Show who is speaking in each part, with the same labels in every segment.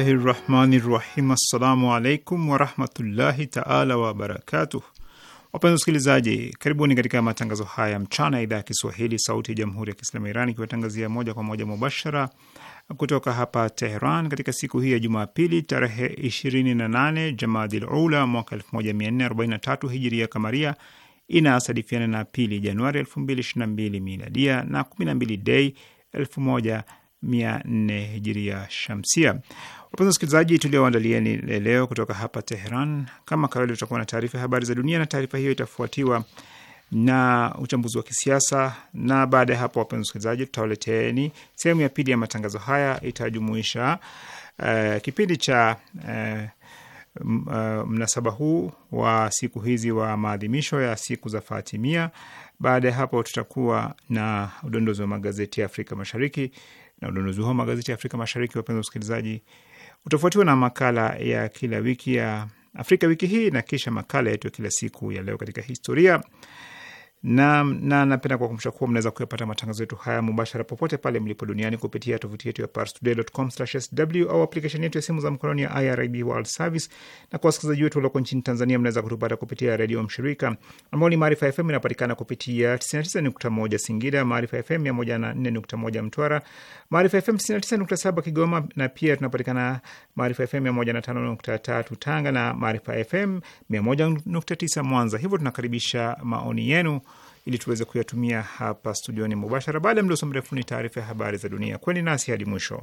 Speaker 1: bismillahi rahmani rahim. Assalamu alaikum warahmatullahi taala wabarakatuh. Wapenzi wasikilizaji, karibuni katika matangazo haya mchana ya idhaa ya Kiswahili sauti ya jamhuri ya kiislamu ya Iran ikiwatangazia moja kwa moja mubashara kutoka hapa Teheran katika siku hii ya Jumapili tarehe 28 Jamadil Ula mwaka 1443 hijiria kamaria inasadifiana na pili Januari 2022 miladia na 12 Dei 1400 mia nne hijiria shamsia. Wapenzi wasikilizaji, tulioandalieni leo kutoka hapa Teheran, kama kawaida, tutakuwa na taarifa ya habari za dunia, na taarifa hiyo itafuatiwa na uchambuzi wa kisiasa, na baada ya hapo, wapenzi wasikilizaji, tutawaleteni sehemu ya pili ya matangazo haya. Itajumuisha uh, kipindi cha uh, mnasaba huu wa siku hizi wa maadhimisho ya siku za Fatimia. Baada ya hapo, tutakuwa na udondozi wa magazeti ya Afrika Mashariki, na udondozi huo wa magazeti ya Afrika Mashariki, wapenzi wasikilizaji utafuatiwa na makala ya kila wiki ya Afrika wiki hii na kisha makala yetu ya kila siku ya leo katika historia na na napenda kuwakumbusha kuwa mnaweza kuyapata matangazo yetu haya mubashara popote pale mlipo duniani kupitia tovuti yetu ya parstoday.com/sw au aplikesheni yetu ya simu za mkononi ya IRIB World Service, na kwa wasikilizaji wetu walioko nchini Tanzania, mnaweza kutupata kupitia redio mshirika ambao ni Maarifa FM, inapatikana kupitia 99.1 Singida, Maarifa FM 104.1 Mtwara, Maarifa FM 99.7 Kigoma, na pia tunapatikana Maarifa FM 105.3 Tanga na Maarifa FM 101.9 Mwanza. Hivyo tunakaribisha maoni yenu ili tuweze kuyatumia hapa studioni mubashara. Baada ya mdoso mrefu, ni taarifa ya habari za dunia. Kweni nasi hadi mwisho.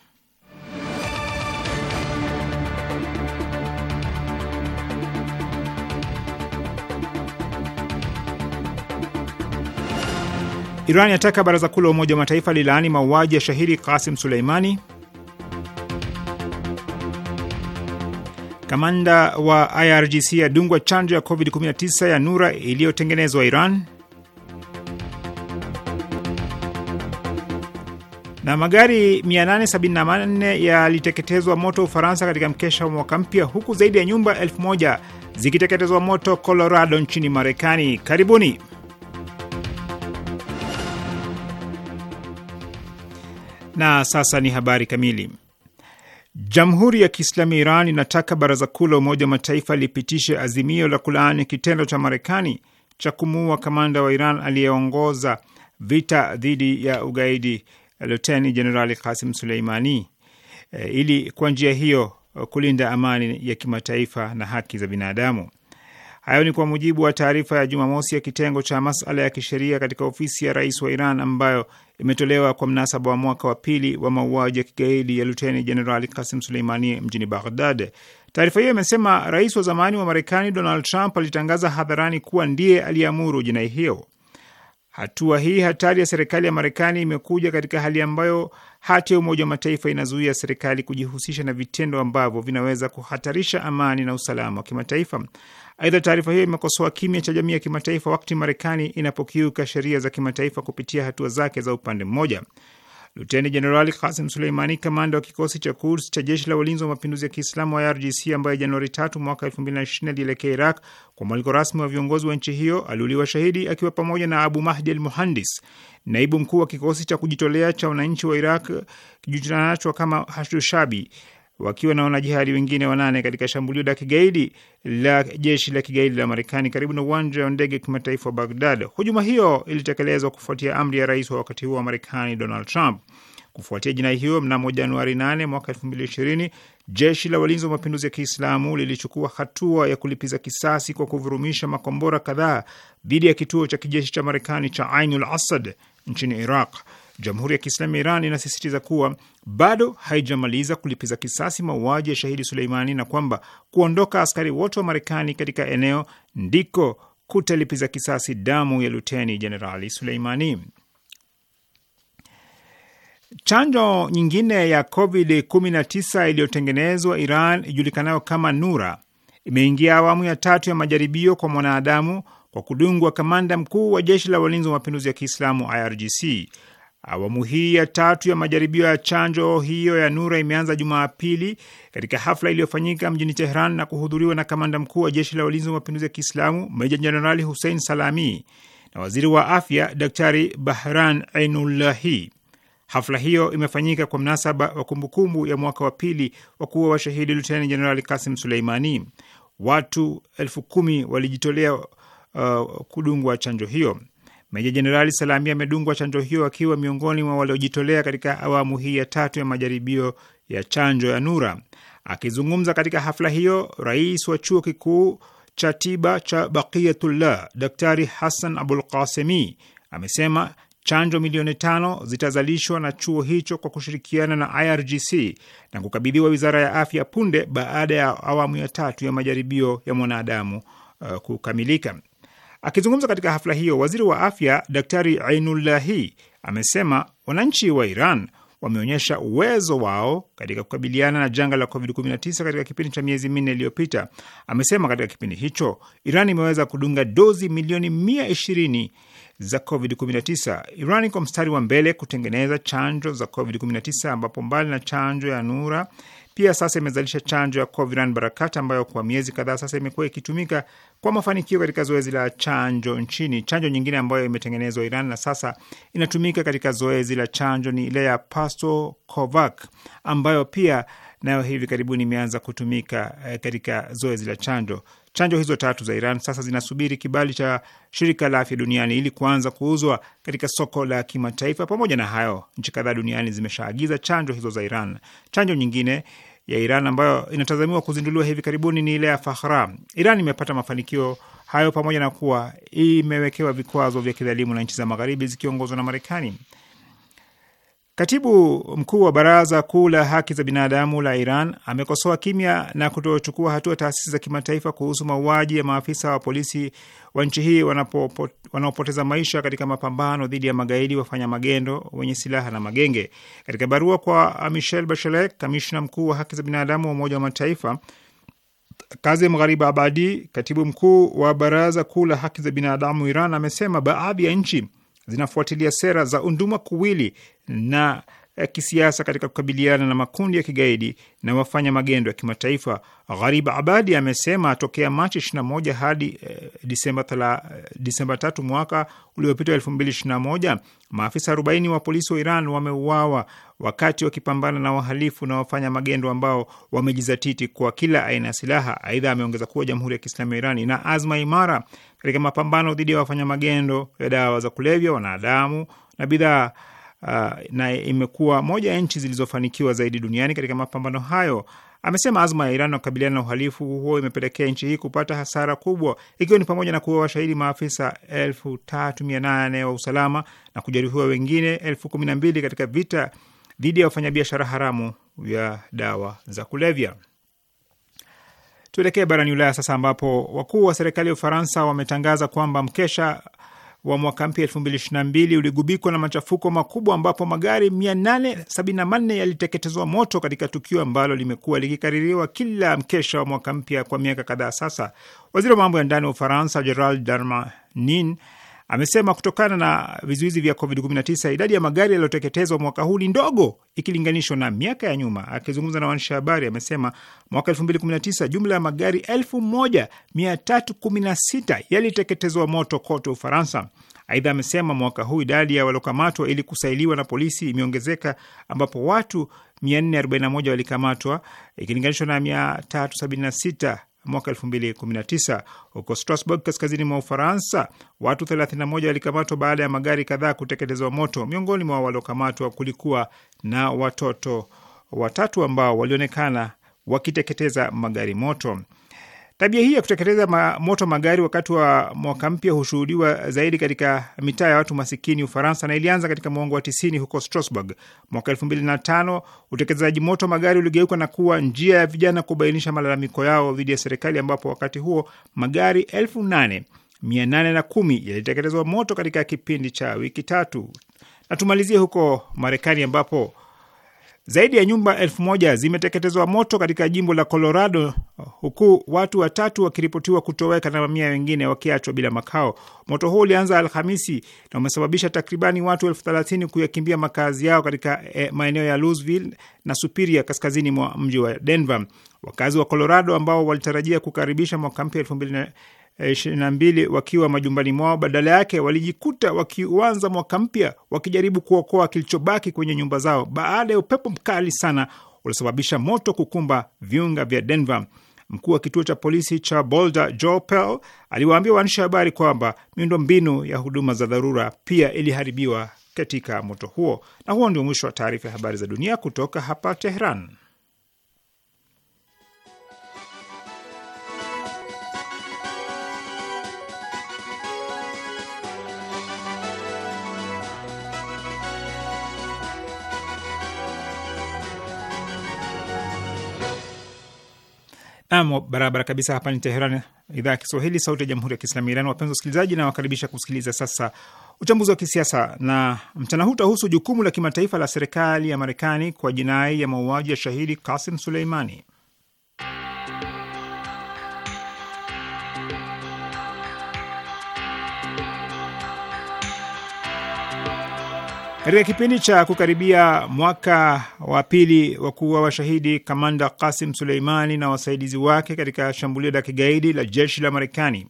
Speaker 1: Iran yataka baraza kuu la Umoja wa Mataifa lilaani mauaji ya shahidi Kasim Suleimani. Kamanda wa IRGC yadungwa chanjo ya COVID-19 ya Nura iliyotengenezwa Iran. Na magari 874 yaliteketezwa moto Ufaransa katika mkesha wa mwaka mpya, huku zaidi ya nyumba elfu moja zikiteketezwa moto Colorado nchini Marekani. Karibuni. Na sasa ni habari kamili. Jamhuri ya Kiislamu ya Iran inataka Baraza Kuu la Umoja wa Mataifa lipitishe azimio la kulaani kitendo cha Marekani cha kumuua kamanda wa Iran aliyeongoza vita dhidi ya ugaidi Luteni Jenerali Kasim Suleimani e, ili kwa njia hiyo kulinda amani ya kimataifa na haki za binadamu. Hayo ni kwa mujibu wa taarifa ya Jumamosi ya kitengo cha masala ya kisheria katika ofisi ya rais wa Iran ambayo imetolewa kwa mnasaba wa mwaka wa pili wa mauaji ya kigaidi ya luteni jenerali Kasim Suleimani mjini Baghdad. Taarifa hiyo imesema rais wa zamani wa Marekani Donald Trump alitangaza hadharani kuwa ndiye aliyeamuru jinai hiyo. Hatua hii hatari ya serikali ya Marekani imekuja katika hali ambayo hati ya Umoja wa Mataifa inazuia serikali kujihusisha na vitendo ambavyo vinaweza kuhatarisha amani na usalama wa kimataifa. Aidha, taarifa hiyo imekosoa kimya cha jamii ya kimataifa wakati Marekani inapokiuka sheria za kimataifa kupitia hatua zake za upande mmoja. Luteni Jenerali Kasim Suleimani, kamanda wa kikosi cha Kurs cha jeshi la walinzi wa mapinduzi ya Kiislamu wa IRGC, ambaye Januari tatu mwaka elfu mbili na ishirini alielekea Iraq kwa mwaliko rasmi wa viongozi wa nchi hiyo, aliuliwa shahidi akiwa pamoja na Abu Mahdi al Muhandis, naibu mkuu wa kikosi cha kujitolea cha wananchi wa Iraq kijulikanacho kama Hashdushabi, wakiwa na wanajihadi wengine wanane katika shambulio la kigaidi la jeshi la kigaidi la Marekani karibu na uwanja wa ndege kimataifa wa Bagdad. Hujuma hiyo ilitekelezwa kufuatia amri ya rais wa wakati huo wa Marekani, Donald Trump. Kufuatia jinai hiyo, mnamo Januari 8 mwaka 2020 jeshi la walinzi wa mapinduzi ya Kiislamu lilichukua hatua ya kulipiza kisasi kwa kuvurumisha makombora kadhaa dhidi ya kituo cha kijeshi cha Marekani cha Ainul Asad nchini Iraq. Jamhuri ya Kiislamu ya Iran inasisitiza kuwa bado haijamaliza kulipiza kisasi mauaji ya shahidi Suleimani na kwamba kuondoka askari wote wa Marekani katika eneo ndiko kutalipiza kisasi damu ya luteni jenerali Suleimani. Chanjo nyingine ya COVID-19 iliyotengenezwa Iran ijulikanayo kama Nura imeingia awamu ya tatu ya majaribio kwa mwanadamu kwa kudungwa kamanda mkuu wa jeshi la walinzi wa mapinduzi ya Kiislamu IRGC. Awamu hii ya tatu ya majaribio ya chanjo hiyo ya Nura imeanza Jumapili katika hafla iliyofanyika mjini Tehran na kuhudhuriwa na kamanda mkuu wa jeshi la walinzi wa mapinduzi ya Kiislamu meja jenerali Hussein Salami na waziri wa afya Daktari Bahran Ainullahi. Hafla hiyo imefanyika kwa mnasaba wa kumbukumbu ya mwaka wa pili wa kuwa washahidi luteni jenerali Kasim Suleimani. Watu elfu kumi walijitolea uh, kudungwa chanjo hiyo. Meja Jenerali Salami amedungwa chanjo hiyo akiwa miongoni mwa waliojitolea katika awamu hii ya tatu ya majaribio ya chanjo ya Nura. Akizungumza katika hafla hiyo, rais wa chuo kikuu cha tiba cha Baqiyatullah Daktari Hassan Abul Qasemi amesema chanjo milioni tano zitazalishwa na chuo hicho kwa kushirikiana na IRGC na kukabidhiwa wizara ya afya punde baada ya awamu ya tatu ya majaribio ya mwanadamu uh, kukamilika. Akizungumza katika hafla hiyo, waziri wa afya Daktari Ainullahi amesema wananchi wa Iran wameonyesha uwezo wao katika kukabiliana na janga la COVID-19 katika kipindi cha miezi minne iliyopita. Amesema katika kipindi hicho Iran imeweza kudunga dozi milioni 120 za COVID-19. Iran iko mstari wa mbele kutengeneza chanjo za COVID-19 ambapo mbali na chanjo ya Nura pia sasa imezalisha chanjo ya Coviran Barakat ambayo kwa miezi kadhaa sasa imekuwa ikitumika kwa mafanikio katika zoezi la chanjo nchini. Chanjo nyingine ambayo imetengenezwa Iran na sasa inatumika katika zoezi la chanjo ni ile ya Pastokovac ambayo pia nayo hivi karibuni imeanza kutumika eh, katika zoezi la chanjo. Chanjo hizo tatu za Iran sasa zinasubiri kibali cha shirika la afya duniani ili kuanza kuuzwa katika soko la kimataifa. Pamoja na hayo, nchi kadhaa duniani zimeshaagiza chanjo hizo za Iran. Chanjo nyingine ya Iran ambayo inatazamiwa kuzinduliwa hivi karibuni ni ile ya Fakhra. Iran imepata mafanikio hayo pamoja na kuwa imewekewa vikwazo vya kidhalimu na nchi za Magharibi zikiongozwa na Marekani. Katibu mkuu wa Baraza Kuu la Haki za Binadamu la Iran amekosoa kimya na kutochukua hatua taasisi za kimataifa kuhusu mauaji ya maafisa wa polisi wa nchi hii wanaopoteza maisha katika mapambano dhidi ya magaidi, wafanya magendo, wenye silaha na magenge. Katika barua kwa michel Bachelet, kamishna mkuu wa haki za binadamu wa Umoja wa Mataifa, Kazem Gharib Abadi, katibu mkuu wa Baraza Kuu la Haki za Binadamu Iran, amesema baadhi ya nchi zinafuatilia sera za unduma kuwili na kisiasa katika kukabiliana na makundi ya kigaidi na wafanya magendo ya kimataifa. Gharib Abadi amesema tokea Machi 21 hadi eh, Disemba 3 eh, mwaka uliopita 2021 maafisa 40 wa polisi wa Iran wameuawa wakati wakipambana na wahalifu na wafanya magendo ambao wamejizatiti kwa kila aina ya silaha. Aidha, ameongeza kuwa Jamhuri ya Kiislamu ya Iran ina azma imara katika mapambano dhidi ya wafanya magendo ya dawa za kulevya, wanadamu na bidhaa uh, na imekuwa moja ya nchi zilizofanikiwa zaidi duniani katika mapambano hayo. Amesema azma ya Iran ya kukabiliana na uhalifu huo imepelekea nchi hii kupata hasara kubwa, ikiwa ni pamoja na kuwa washahidi maafisa elfu tatu mia nane wa usalama na kujeruhiwa wengine elfu kumi na mbili katika vita dhidi ya wafanyabiashara haramu vya dawa za kulevya. Tuelekee barani Ulaya sasa, ambapo wakuu wa serikali ya Ufaransa wametangaza kwamba mkesha wa mwaka mpya 2022 uligubikwa na machafuko makubwa ambapo magari 874 yaliteketezwa moto katika tukio ambalo limekuwa likikaririwa kila mkesha wa mwaka mpya kwa miaka kadhaa sasa. Waziri wa mambo ya ndani wa Ufaransa Gerald Darmanin Amesema kutokana na vizuizi vya COVID-19 idadi ya magari yaliyoteketezwa mwaka huu ni ndogo ikilinganishwa na miaka ya nyuma. Akizungumza na waandishi habari, amesema mwaka 2019 jumla ya magari 1316 yaliteketezwa moto kote Ufaransa. Aidha, amesema mwaka huu idadi ya waliokamatwa ili kusailiwa na polisi imeongezeka ambapo watu 441 walikamatwa ikilinganishwa na 376 mwaka 2019. Huko Strasbourg, kaskazini mwa Ufaransa, watu 31 walikamatwa baada ya magari kadhaa kuteketezwa moto. Miongoni mwa waliokamatwa kulikuwa na watoto watatu ambao walionekana wakiteketeza magari moto. Tabia hii ya kuteketeza ma moto magari wakati wa mwaka mpya hushuhudiwa zaidi katika mitaa ya watu masikini Ufaransa, na ilianza katika mwongo wa tisini huko Strasbourg. Mwaka elfu mbili na tano utekelezaji moto magari uligeuka na kuwa njia ya vijana kubainisha malalamiko yao dhidi ya serikali, ambapo wakati huo magari elfu nane mia nane na kumi yaliteketezwa moto katika kipindi cha wiki tatu. Na tumalizie huko Marekani ambapo zaidi ya nyumba elfu moja zimeteketezwa moto katika jimbo la Colorado, huku watu watatu wakiripotiwa kutoweka na mamia wengine wakiachwa bila makao. Moto huo ulianza Alhamisi na umesababisha takribani watu elfu thelathini kuyakimbia makazi yao katika e, maeneo ya Louisville na Superior kaskazini mwa mji wa Denver. Wakazi wa Colorado ambao walitarajia kukaribisha mwaka mpya elfu mbili na 22 na mbili wakiwa majumbani mwao. Badala yake walijikuta wakiuanza mwaka mpya wakijaribu kuokoa kilichobaki kwenye nyumba zao baada ya upepo mkali sana uliosababisha moto kukumba viunga vya Denver. Mkuu wa kituo cha polisi cha Boulder, Joe Pell, aliwaambia waandishi habari kwamba miundo mbinu ya huduma za dharura pia iliharibiwa katika moto huo. Na huo ndio mwisho wa taarifa ya habari za dunia kutoka hapa teheran Nam, barabara kabisa. Hapa ni Teheran, idhaa ya Kiswahili, sauti ya jamhuri ya kiislamu ya Iran. Wapenzi wasikilizaji, nawakaribisha kusikiliza sasa uchambuzi wa kisiasa, na mchana huu utahusu jukumu la kimataifa la serikali ya Marekani kwa jinai ya mauaji ya shahidi Kasim Suleimani. Katika kipindi cha kukaribia mwaka wa pili wa kuwa washahidi kamanda Kasim Suleimani na wasaidizi wake katika shambulio la kigaidi la jeshi la Marekani,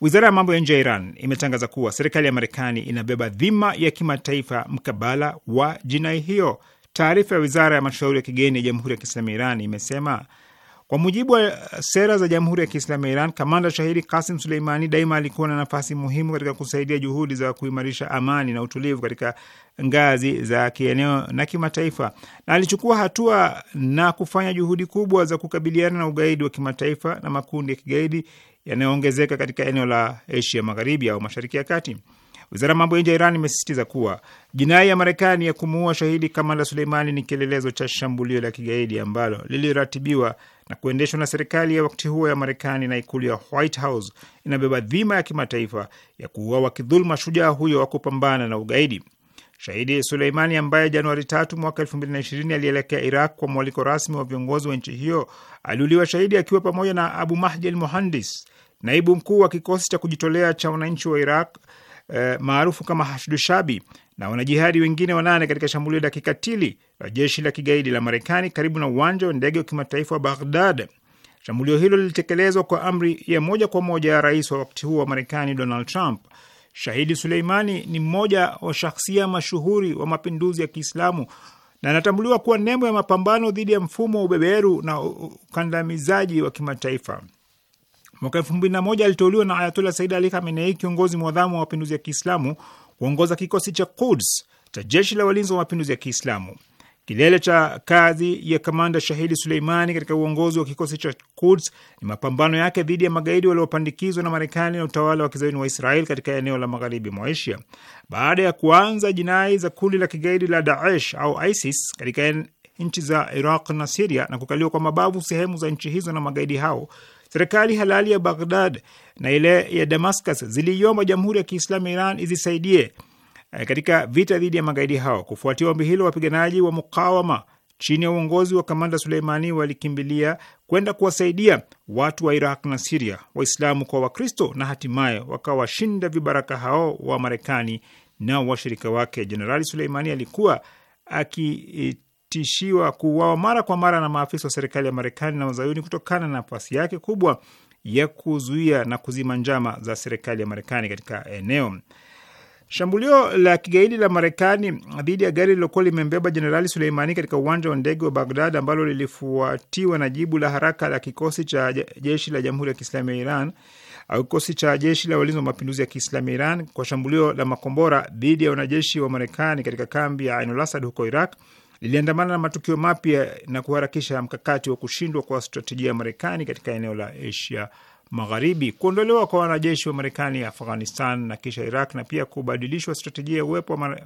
Speaker 1: wizara ya mambo ya nje ya Iran imetangaza kuwa serikali ya Marekani inabeba dhima ya kimataifa mkabala wa jinai hiyo. Taarifa ya wizara ya mashauri ya kigeni ya Jamhuri ya Kiislamu ya Iran imesema kwa mujibu wa sera za Jamhuri ya Kiislamu ya Iran, kamanda shahidi Kasim Suleimani daima alikuwa na nafasi muhimu katika kusaidia juhudi za kuimarisha amani na utulivu katika ngazi za kieneo na kimataifa, na alichukua hatua na kufanya juhudi kubwa za kukabiliana na ugaidi wa kimataifa na makundi ya kigaidi yanayoongezeka katika eneo la Asia Magharibi au Mashariki ya Kati. Wizara ya mambo ya nje ya Iran imesisitiza kuwa jinai ya Marekani ya kumuua shahidi Kamanda Suleimani ni kielelezo cha shambulio la kigaidi ambalo liliratibiwa na kuendeshwa na serikali ya wakati huo ya Marekani, na ikulu ya White House inabeba dhima ya kimataifa ya kuuawa kidhuluma shujaa huyo wa kupambana na ugaidi. Shahidi Suleimani ambaye Januari tatu mwaka elfu mbili na ishirini alielekea Iraq kwa mwaliko rasmi wa viongozi wa nchi hiyo aliuliwa shahidi akiwa pamoja na Abu Mahdi al Muhandis, naibu mkuu wa kikosi cha kujitolea cha wananchi wa Iraq Eh, maarufu kama Hashdu Shabi na wanajihadi wengine wanane katika shambulio la kikatili la jeshi la kigaidi la Marekani karibu na uwanja wa ndege wa kimataifa wa Baghdad. Shambulio hilo lilitekelezwa kwa amri ya moja kwa moja ya rais wa wakati huo wa Marekani, Donald Trump. Shahidi Suleimani ni mmoja wa shahsia mashuhuri wa mapinduzi ya Kiislamu na anatambuliwa kuwa nembo ya mapambano dhidi ya mfumo wa ubeberu na ukandamizaji wa kimataifa. Mwaka elfu mbili na moja aliteuliwa na Ayatollah Said Ali Khamenei, kiongozi mwadhamu wa mapinduzi ya Kiislamu, kuongoza kikosi cha Kuds cha jeshi la walinzi wa mapinduzi ya Kiislamu. Kilele cha kazi ya kamanda shahidi Suleimani katika uongozi wa kikosi cha Kuds ni mapambano yake dhidi ya magaidi waliopandikizwa na Marekani na utawala wa kizayuni wa Israel katika eneo la magharibi mwa Asia. Baada ya kuanza jinai za kundi la kigaidi la Daesh au ISIS katika nchi za Iraq na Siria na kukaliwa kwa mabavu sehemu za nchi hizo na magaidi hao, Serikali halali ya Baghdad na ile ya Damascus ziliiomba Jamhuri ya Kiislamu Iran izisaidie eh, katika vita dhidi ya magaidi hao. Kufuatia ombi hilo, wapiganaji wa mukawama chini ya uongozi wa kamanda Suleimani walikimbilia kwenda kuwasaidia watu wa Iraq na Siria, Waislamu kwa Wakristo, na hatimaye wakawashinda vibaraka hao wa Marekani na washirika wake. Jenerali Suleimani alikuwa aki kutishiwa kuuawa mara kwa mara na maafisa wa serikali ya Marekani na wazayuni kutokana na nafasi yake kubwa ya kuzuia na kuzima njama za serikali ya Marekani katika eneo. Shambulio la kigaidi la Marekani dhidi ya gari lililokuwa limembeba Jenerali Suleimani katika uwanja wa ndege wa Bagdad, ambalo lilifuatiwa na jibu la haraka la kikosi cha jeshi la Jamhuri ya Kiislamu ya Iran au kikosi cha jeshi la walinzi wa mapinduzi ya Kiislamu ya Iran kwa shambulio la makombora dhidi ya wanajeshi wa Marekani katika kambi ya Ainul Asad huko Iraq liliandamana na matukio mapya na kuharakisha mkakati wa kushindwa kwa stratejia ya Marekani katika eneo la Asia Magharibi, kuondolewa kwa wanajeshi wa Marekani Afghanistan na kisha Iraq, na pia kubadilishwa stratejia ya uwepo wa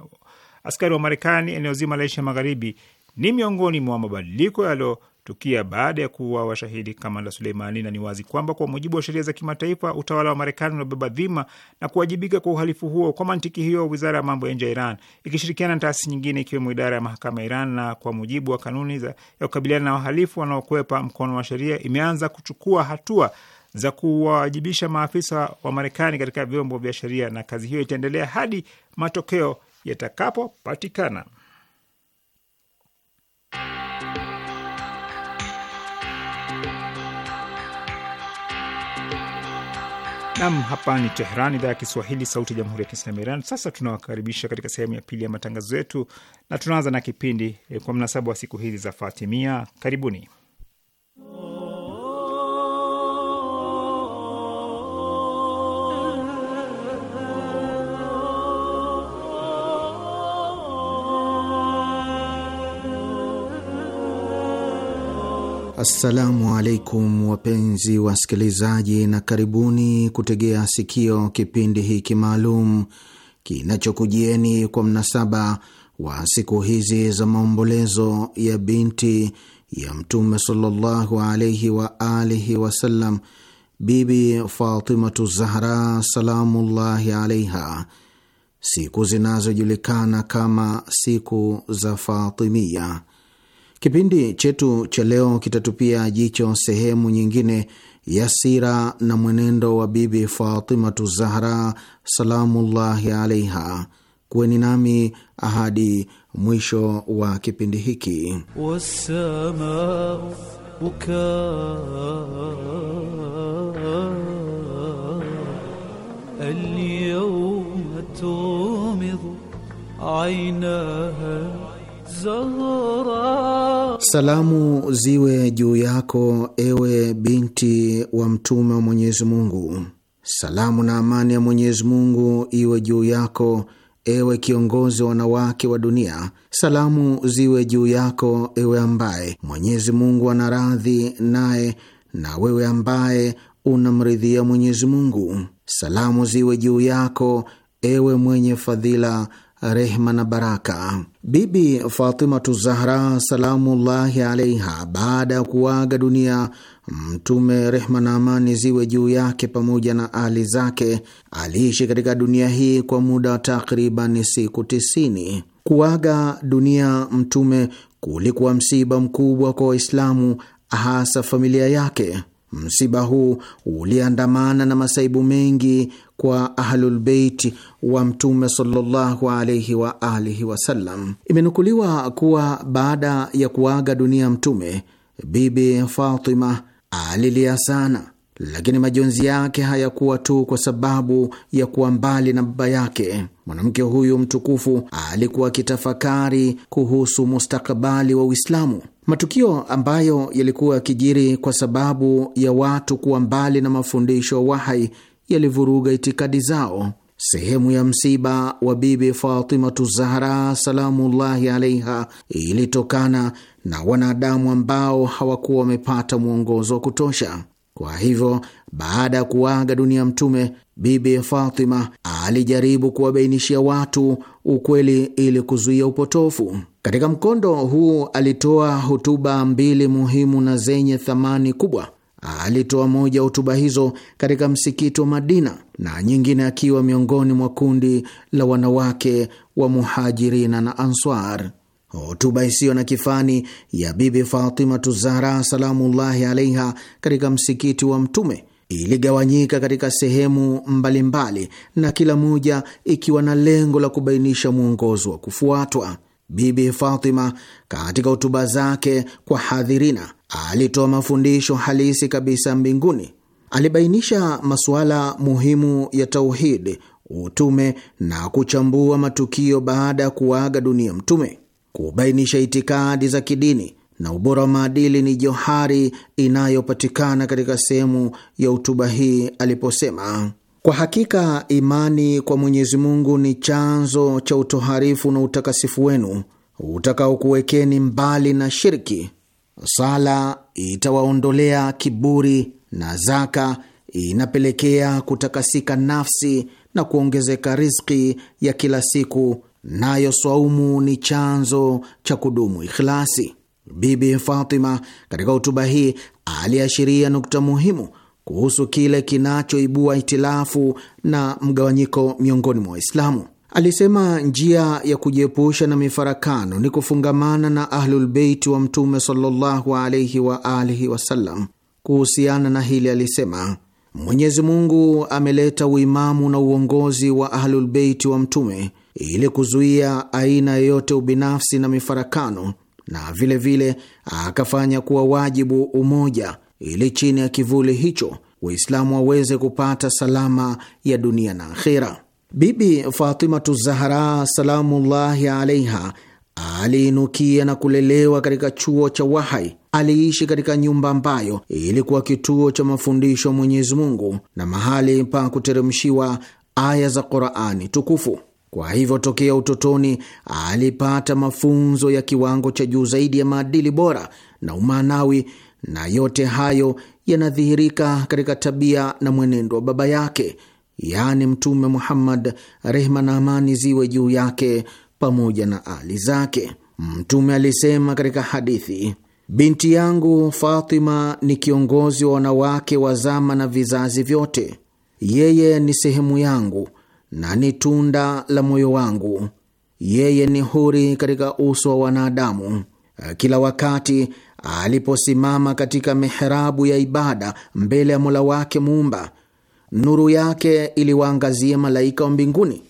Speaker 1: askari wa Marekani eneo zima la Asia Magharibi ni miongoni mwa mabadiliko yaliyo tukia baada ya kuwa washahidi kamanda Suleimani, na ni wazi kwamba kwa mujibu wa sheria za kimataifa utawala wa Marekani unabeba dhima na kuwajibika kwa uhalifu huo. Kwa mantiki hiyo, wizara ya mambo ya nje ya Iran ikishirikiana na taasisi nyingine ikiwemo idara ya mahakama ya Iran na kwa mujibu wa kanuni za ya kukabiliana na wahalifu wanaokwepa mkono wa sheria imeanza kuchukua hatua za kuwawajibisha maafisa wa Marekani katika vyombo vya sheria, na kazi hiyo itaendelea hadi matokeo yatakapopatikana. Nam, hapa ni Tehran, idhaa ya Kiswahili, sauti ya jamhuri ya kiislamu Iran. Sasa tunawakaribisha katika sehemu ya pili ya matangazo yetu, na tunaanza na kipindi eh, kwa mnasaba wa siku hizi za Fatimia. Karibuni.
Speaker 2: Assalamu alaikum wapenzi wasikilizaji, na karibuni kutegea sikio kipindi hiki maalum kinachokujieni kwa mnasaba wa siku hizi za maombolezo ya binti ya Mtume sallallahu alaihi wa alihi wasallam, Bibi Fatimatu Zahra salamullahi alaiha, siku zinazojulikana kama siku za Fatimia. Kipindi chetu cha leo kitatupia jicho sehemu nyingine ya sira na mwenendo wa Bibi Fatimatu Zahra salamullahi alaiha. Kuweni nami ahadi mwisho wa kipindi hiki. Salamu ziwe juu yako ewe binti wa mtume wa Mwenyezi Mungu. Salamu na amani ya Mwenyezi Mungu iwe juu yako ewe kiongozi wa wanawake wa dunia. Salamu ziwe juu yako ewe ambaye Mwenyezi Mungu radhi naye na wewe ambaye unamridhia Mwenyezi Mungu. Salamu ziwe juu yako ewe mwenye fadhila rehma na baraka. Bibi Fatimatu Zahra salamullahi alaiha, baada ya kuaga dunia Mtume, rehma na amani ziwe juu yake pamoja na ali zake, aliishi katika dunia hii kwa muda wa takriban siku tisini. Kuaga dunia Mtume kulikuwa msiba mkubwa kwa Waislamu, hasa familia yake. Msiba huu uliandamana na masaibu mengi kwa Ahlulbeiti wa Mtume sallallahu alaihi wa alihi wasallam. Imenukuliwa kuwa baada ya kuaga dunia Mtume, Bibi Fatima alilia sana lakini majonzi yake hayakuwa tu kwa sababu ya kuwa mbali na baba yake. Mwanamke huyu mtukufu alikuwa akitafakari kuhusu mustakabali wa Uislamu. Matukio ambayo yalikuwa yakijiri kwa sababu ya watu kuwa mbali na mafundisho ya wahai yalivuruga itikadi zao. Sehemu ya msiba wa Bibi Fatimatu Zahra salamullahi alaiha ilitokana na wanadamu ambao hawakuwa wamepata mwongozo wa kutosha. Kwa hivyo baada ya kuaga dunia Mtume, Bibi Fatima alijaribu kuwabainishia watu ukweli ili kuzuia upotofu. Katika mkondo huu alitoa hotuba mbili muhimu na zenye thamani kubwa. Alitoa moja hotuba hizo katika msikiti wa Madina na nyingine akiwa miongoni mwa kundi la wanawake wa Muhajirina na Answar. Hotuba isiyo na kifani ya Bibi Fatimatu Zahra salamullahi alaiha katika msikiti wa Mtume iligawanyika katika sehemu mbalimbali, na kila moja ikiwa na lengo la kubainisha mwongozo wa kufuatwa. Bibi Fatima katika hotuba zake kwa hadhirina alitoa mafundisho halisi kabisa mbinguni. Alibainisha masuala muhimu ya tauhidi, utume na kuchambua matukio baada ya kuaga dunia Mtume. Kubainisha itikadi za kidini na ubora wa maadili ni johari inayopatikana katika sehemu ya hotuba hii aliposema: kwa hakika imani kwa Mwenyezi Mungu ni chanzo cha utoharifu na utakasifu wenu utakaokuwekeni mbali na shirki. Sala itawaondolea kiburi na zaka inapelekea kutakasika nafsi na kuongezeka riziki ya kila siku nayo swaumu ni chanzo cha kudumu ikhlasi. Bibi Fatima katika hotuba hii aliashiria nukta muhimu kuhusu kile kinachoibua itilafu na mgawanyiko miongoni mwa Waislamu. Alisema njia ya kujiepusha na mifarakano ni kufungamana na Ahlulbeiti wa Mtume sallallahu alaihi wa alihi wasallam. Kuhusiana na hili alisema Mwenyezi Mungu ameleta uimamu na uongozi wa Ahlulbeiti wa Mtume ili kuzuia aina yoyote ubinafsi na mifarakano, na vilevile vile, akafanya kuwa wajibu umoja ili chini ya kivuli hicho Waislamu waweze kupata salama ya dunia na akhera. Bibi Fatimatu Zahra salamullahi alaiha aliinukia na kulelewa katika chuo cha wahai. Aliishi katika nyumba ambayo ilikuwa kituo cha mafundisho ya Mwenyezi Mungu na mahali pa kuteremshiwa aya za Qurani tukufu. Kwa hivyo tokea utotoni alipata mafunzo ya kiwango cha juu zaidi ya maadili bora na umaanawi, na yote hayo yanadhihirika katika tabia na mwenendo wa baba yake, yaani Mtume Muhammad, rehma na amani ziwe juu yake pamoja na ali zake. Mtume alisema katika hadithi, binti yangu Fatima ni kiongozi wa wanawake wa zama na vizazi vyote, yeye ni sehemu yangu na ni tunda la moyo wangu. Yeye ni huri katika uso wa wanadamu. Kila wakati aliposimama katika mihrabu ya ibada mbele ya Mola wake Muumba, nuru yake iliwaangazia malaika wa mbinguni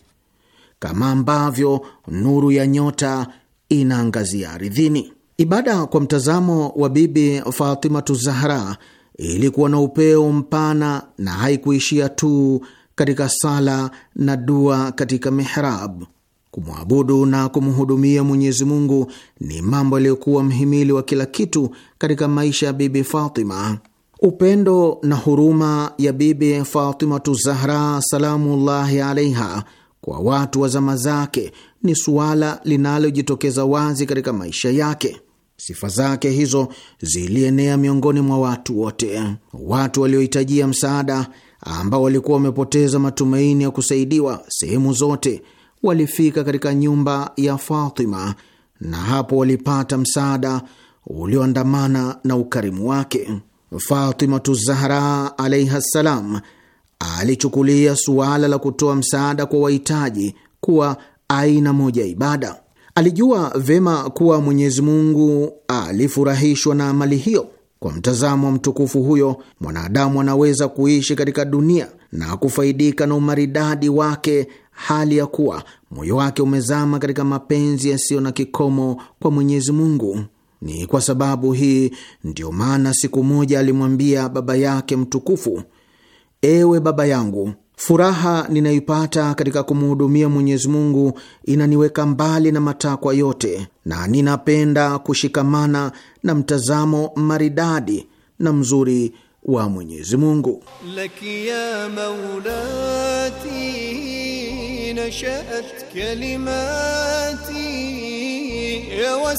Speaker 2: kama ambavyo nuru ya nyota inaangazia ardhini. Ibada kwa mtazamo wa Bibi Fatimatu Zahra ilikuwa na upeo mpana na haikuishia tu katika sala na dua katika mihrab. Kumwabudu na kumhudumia Mwenyezi Mungu ni mambo yaliyokuwa mhimili wa kila kitu katika maisha ya Bibi Fatima. Upendo na huruma ya Bibi Fatimatu Zahra salamullahi alaiha kwa watu wa zama zake ni suala linalojitokeza wazi katika maisha yake. Sifa zake hizo zilienea miongoni mwa watu wote. Watu waliohitajia msaada ambao walikuwa wamepoteza matumaini ya kusaidiwa sehemu zote, walifika katika nyumba ya Fatima na hapo walipata msaada ulioandamana na ukarimu wake. Fatimatu Zahra alaiha ssalam alichukulia suala la kutoa msaada kwa wahitaji kuwa aina moja ibada. Alijua vema kuwa Mwenyezi Mungu alifurahishwa na amali hiyo kwa mtazamo wa mtukufu huyo, mwanadamu anaweza kuishi katika dunia na kufaidika na umaridadi wake, hali ya kuwa moyo wake umezama katika mapenzi yasiyo na kikomo kwa Mwenyezi Mungu. Ni kwa sababu hii ndiyo maana siku moja alimwambia baba yake mtukufu, ewe baba yangu Furaha ninayoipata katika kumhudumia Mwenyezi Mungu inaniweka mbali na matakwa yote, na ninapenda kushikamana na mtazamo maridadi na mzuri wa Mwenyezi Mungu. يا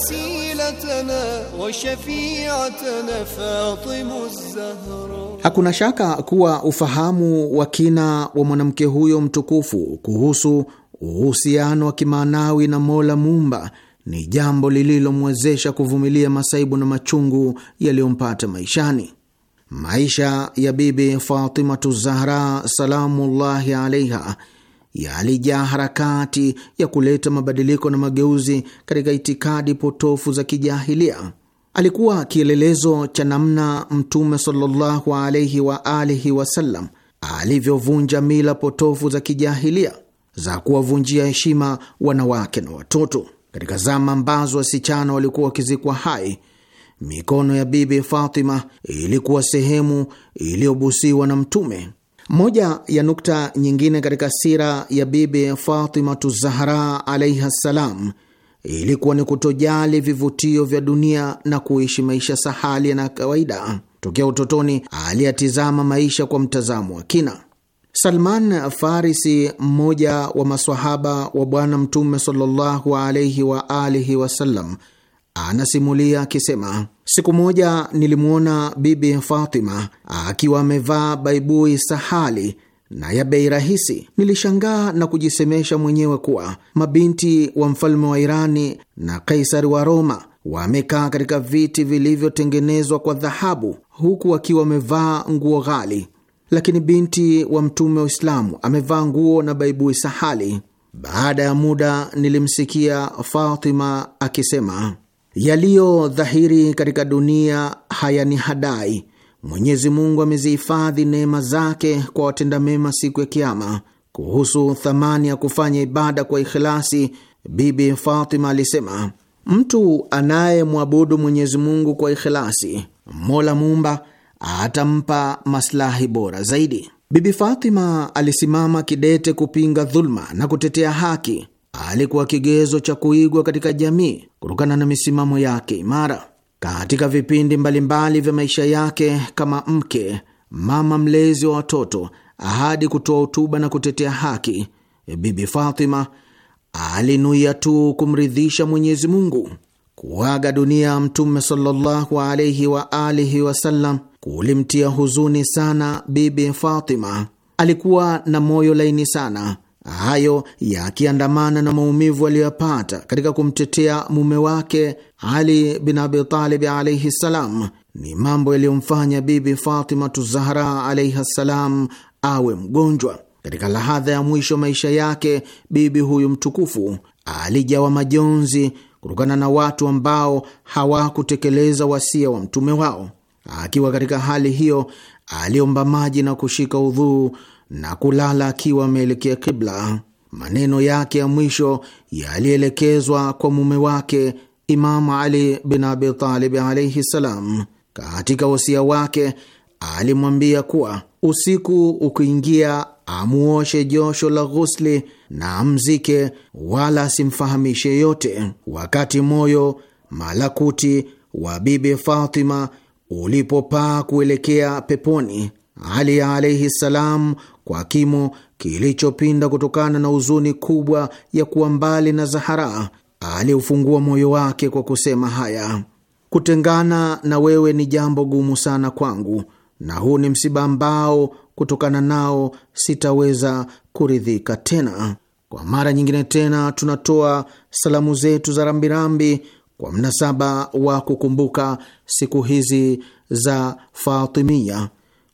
Speaker 2: Hakuna shaka kuwa ufahamu wa kina wa mwanamke huyo mtukufu kuhusu uhusiano wa kimaanawi na Mola mumba ni jambo lililomwezesha kuvumilia masaibu na machungu yaliyompata maishani. Maisha ya Bibi Fatimatu Zahra salamullahi alaiha yalijaa harakati ya kuleta mabadiliko na mageuzi katika itikadi potofu za kijahilia. Alikuwa kielelezo cha namna Mtume sallallahu alaihi wa alihi wasallam alivyovunja mila potofu za kijahilia za kuwavunjia heshima wanawake na watoto. Katika zama ambazo wasichana walikuwa wakizikwa hai, mikono ya Bibi Fatima ilikuwa sehemu iliyobusiwa na Mtume. Moja ya nukta nyingine katika sira ya Bibi Fatimatu Zahra alaihi ssalam ilikuwa ni kutojali vivutio vya dunia na kuishi maisha sahali na kawaida. Tokea utotoni aliyatizama maisha kwa mtazamo wa kina. Salman Farisi, mmoja wa maswahaba wa Bwana Mtume sallallahu alaihi wa alihi wasallam, anasimulia akisema Siku moja nilimwona Bibi Fatima akiwa amevaa baibui sahali na ya bei rahisi. Nilishangaa na kujisemesha mwenyewe kuwa mabinti wa mfalme wa Irani na kaisari wa Roma wamekaa katika viti vilivyotengenezwa kwa dhahabu, huku wakiwa wamevaa nguo ghali, lakini binti wa mtume wa Uislamu amevaa nguo na baibui sahali. Baada ya muda nilimsikia Fatima akisema Yaliyo dhahiri katika dunia hadai. Mwenyezi Mungu amezihifadhi neema zake kwa watenda mema siku ya Kiama. Kuhusu thamani ya kufanya ibada kwa ikhilasi, Bibi Fatima alisema, mtu anayemwabudu Mwenyezi Mungu kwa ikhilasi, Mola mumba atampa maslahi bora zaidi. Bibi Fatima alisimama kidete kupinga dhuluma na kutetea haki alikuwa kigezo cha kuigwa katika jamii kutokana na misimamo yake imara. Katika vipindi mbalimbali mbali vya maisha yake, kama mke, mama mlezi wa watoto, ahadi kutoa hotuba na kutetea haki, Bibi Fatima alinuia tu kumridhisha Mwenyezi Mungu. Kuaga dunia Mtume sallallahu alaihi wa alihi wasallam kulimtia huzuni sana Bibi Fatima. Alikuwa na moyo laini sana hayo yakiandamana na maumivu aliyoyapata katika kumtetea mume wake Ali bin Abi Talib alaihi ssalam, ni mambo yaliyomfanya Bibi Fatimatu Zahra alaihi ssalam awe mgonjwa. Katika lahadha ya mwisho maisha yake, bibi huyu mtukufu alijawa majonzi kutokana na watu ambao hawakutekeleza wasia wa mtume wao. Akiwa katika hali hiyo, aliomba maji na kushika udhuu na kulala akiwa ameelekea kibla. Maneno yake ya mwisho yalielekezwa kwa mume wake Imamu Ali bin Abi Talib alaihi ssalam. Katika wasia wake alimwambia kuwa usiku ukiingia, amuoshe josho la ghusli na amzike, wala asimfahamishe yote. Wakati moyo malakuti wa Bibi Fatima ulipopaa kuelekea peponi ali alaihi ssalam kwa kimo kilichopinda kutokana na huzuni kubwa ya kuwa mbali na Zahara, aliufungua moyo wake kwa kusema haya: kutengana na wewe ni jambo gumu sana kwangu, na huu ni msiba ambao kutokana nao sitaweza kuridhika tena. Kwa mara nyingine tena tunatoa salamu zetu za rambirambi kwa mnasaba wa kukumbuka siku hizi za Fatimia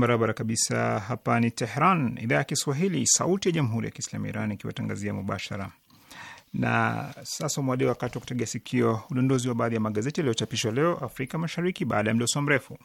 Speaker 1: barabara kabisa. Hapa ni Tehran, idhaa ya Kiswahili, sauti ya jamhuri ya kiislamu Iran ikiwatangazia mubashara. Na sasa umewadia wakati wa kutegea sikio, udondozi wa baadhi ya magazeti yaliyochapishwa leo Afrika Mashariki baada ya mdoso mrefu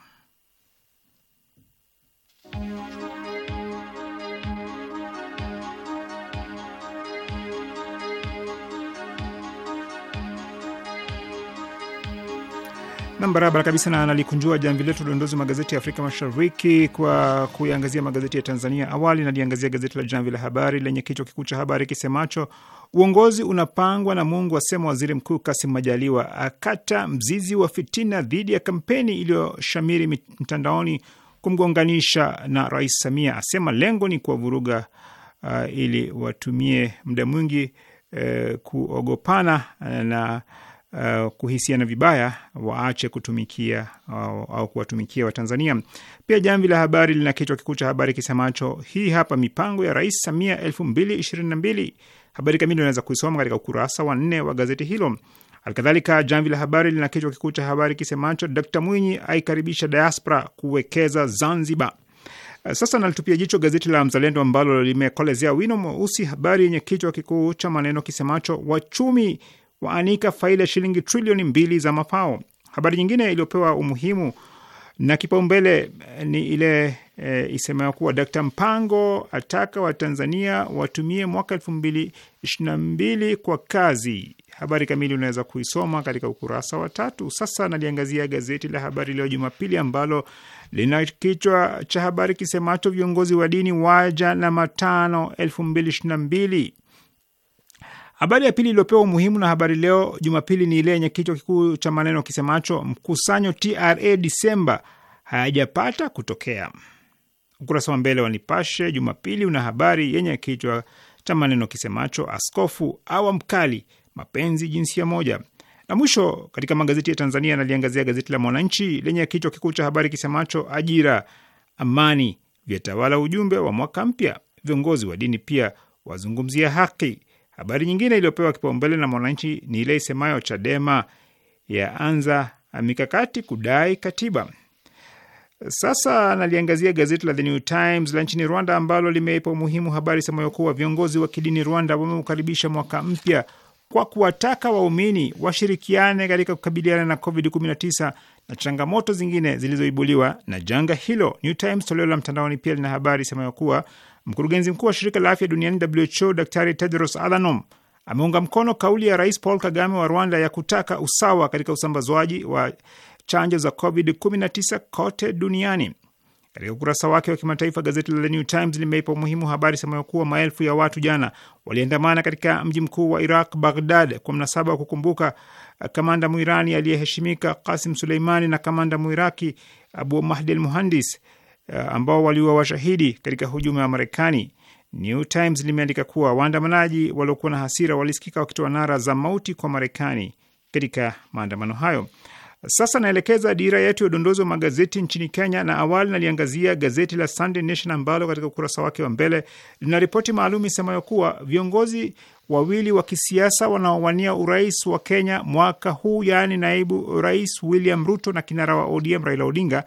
Speaker 1: Nam barabara kabisa, na nalikunjua jamvi letu liondozi wa magazeti ya Afrika Mashariki kwa kuiangazia magazeti ya Tanzania. Awali naliangazia gazeti la Jamvi la Habari lenye kichwa kikuu cha habari kisemacho uongozi unapangwa na Mungu, asema waziri mkuu Kasim Majaliwa, akata mzizi wa fitina dhidi ya kampeni iliyoshamiri mtandaoni kumgonganisha na Rais Samia, asema lengo ni kuwavuruga uh, ili watumie muda mwingi uh, kuogopana uh, na uh, kuhisiana vibaya waache kutumikia uh, au kuwatumikia Watanzania. Pia Jamvi la Habari lina kichwa kikuu cha habari kisemacho hii hapa mipango ya Rais Samia elfu mbili ishirini na mbili. Habari kamili unaweza kuisoma katika ukurasa wa nne wa gazeti hilo. Halikadhalika, Jamvi la Habari lina kichwa kikuu cha habari kisemacho Dkt Mwinyi aikaribisha diaspora kuwekeza Zanzibar. Uh, sasa nalitupia jicho gazeti la Mzalendo ambalo limekolezea wino mweusi habari yenye kichwa kikuu cha maneno kisemacho wachumi waanika faili ya shilingi trilioni mbili za mafao. Habari nyingine iliyopewa umuhimu na kipaumbele eh, ni ile e, isemayo kuwa Dkt Mpango ataka Watanzania watumie mwaka elfu mbili ishirini na mbili kwa kazi. Habari kamili unaweza kuisoma katika ukurasa wa tatu. Sasa naliangazia gazeti la Habari Leo Jumapili ambalo lina kichwa cha habari kisemacho viongozi wa dini waja na matano elfu mbili ishirini na mbili Habari ya pili iliyopewa umuhimu na Habari Leo Jumapili ni ile yenye kichwa kikuu cha maneno kisemacho mkusanyo TRA Disemba hayajapata kutokea. Ukurasa wa mbele wa Nipashe Jumapili una habari yenye kichwa cha maneno kisemacho askofu awa mkali mapenzi jinsia moja. Na mwisho katika magazeti ya Tanzania analiangazia gazeti la Mwananchi lenye kichwa kikuu cha habari kisemacho ajira, amani vyatawala ujumbe wa mwaka mpya, viongozi wa dini pia wazungumzia haki. Habari nyingine iliyopewa kipaumbele na Mwananchi ni ile isemayo Chadema yaanza mikakati kudai katiba. Sasa naliangazia gazeti la The New Times la nchini Rwanda ambalo limeipa umuhimu habari semayo kuwa viongozi wa kidini Rwanda wameukaribisha mwaka mpya kwa kuwataka waumini washirikiane katika kukabiliana na COVID-19 na changamoto zingine zilizoibuliwa na janga hilo. New Times toleo la mtandaoni pia lina habari semayo kuwa Mkurugenzi mkuu wa shirika la afya duniani WHO Daktari Tedros Adhanom ameunga mkono kauli ya Rais Paul Kagame wa Rwanda ya kutaka usawa katika usambazwaji wa chanjo za COVID-19 kote duniani. Katika ukurasa wake wa kimataifa, gazeti la The New Times limeipa umuhimu habari semayo kuwa maelfu ya watu jana waliandamana katika mji mkuu wa Iraq, Baghdad, kwa mnasaba wa kukumbuka uh, kamanda Mwirani aliyeheshimika Kasim Suleimani na kamanda Mwiraki Abu Mahdi al Muhandis. Eh, ambao waliuwa washahidi katika hujuma ya Marekani. New Times limeandika kuwa waandamanaji waliokuwa na hasira walisikika wakitoa nara za mauti kwa Marekani katika maandamano hayo. Sasa naelekeza dira yetu ya udondozi wa magazeti nchini Kenya, na awali naliangazia gazeti la Sunday Nation ambalo katika ukurasa wake wa mbele lina ripoti maalum isemayo kuwa viongozi wawili wa kisiasa wanaowania urais wa Kenya mwaka huu, yaani naibu rais William Ruto na kinara wa ODM Raila Odinga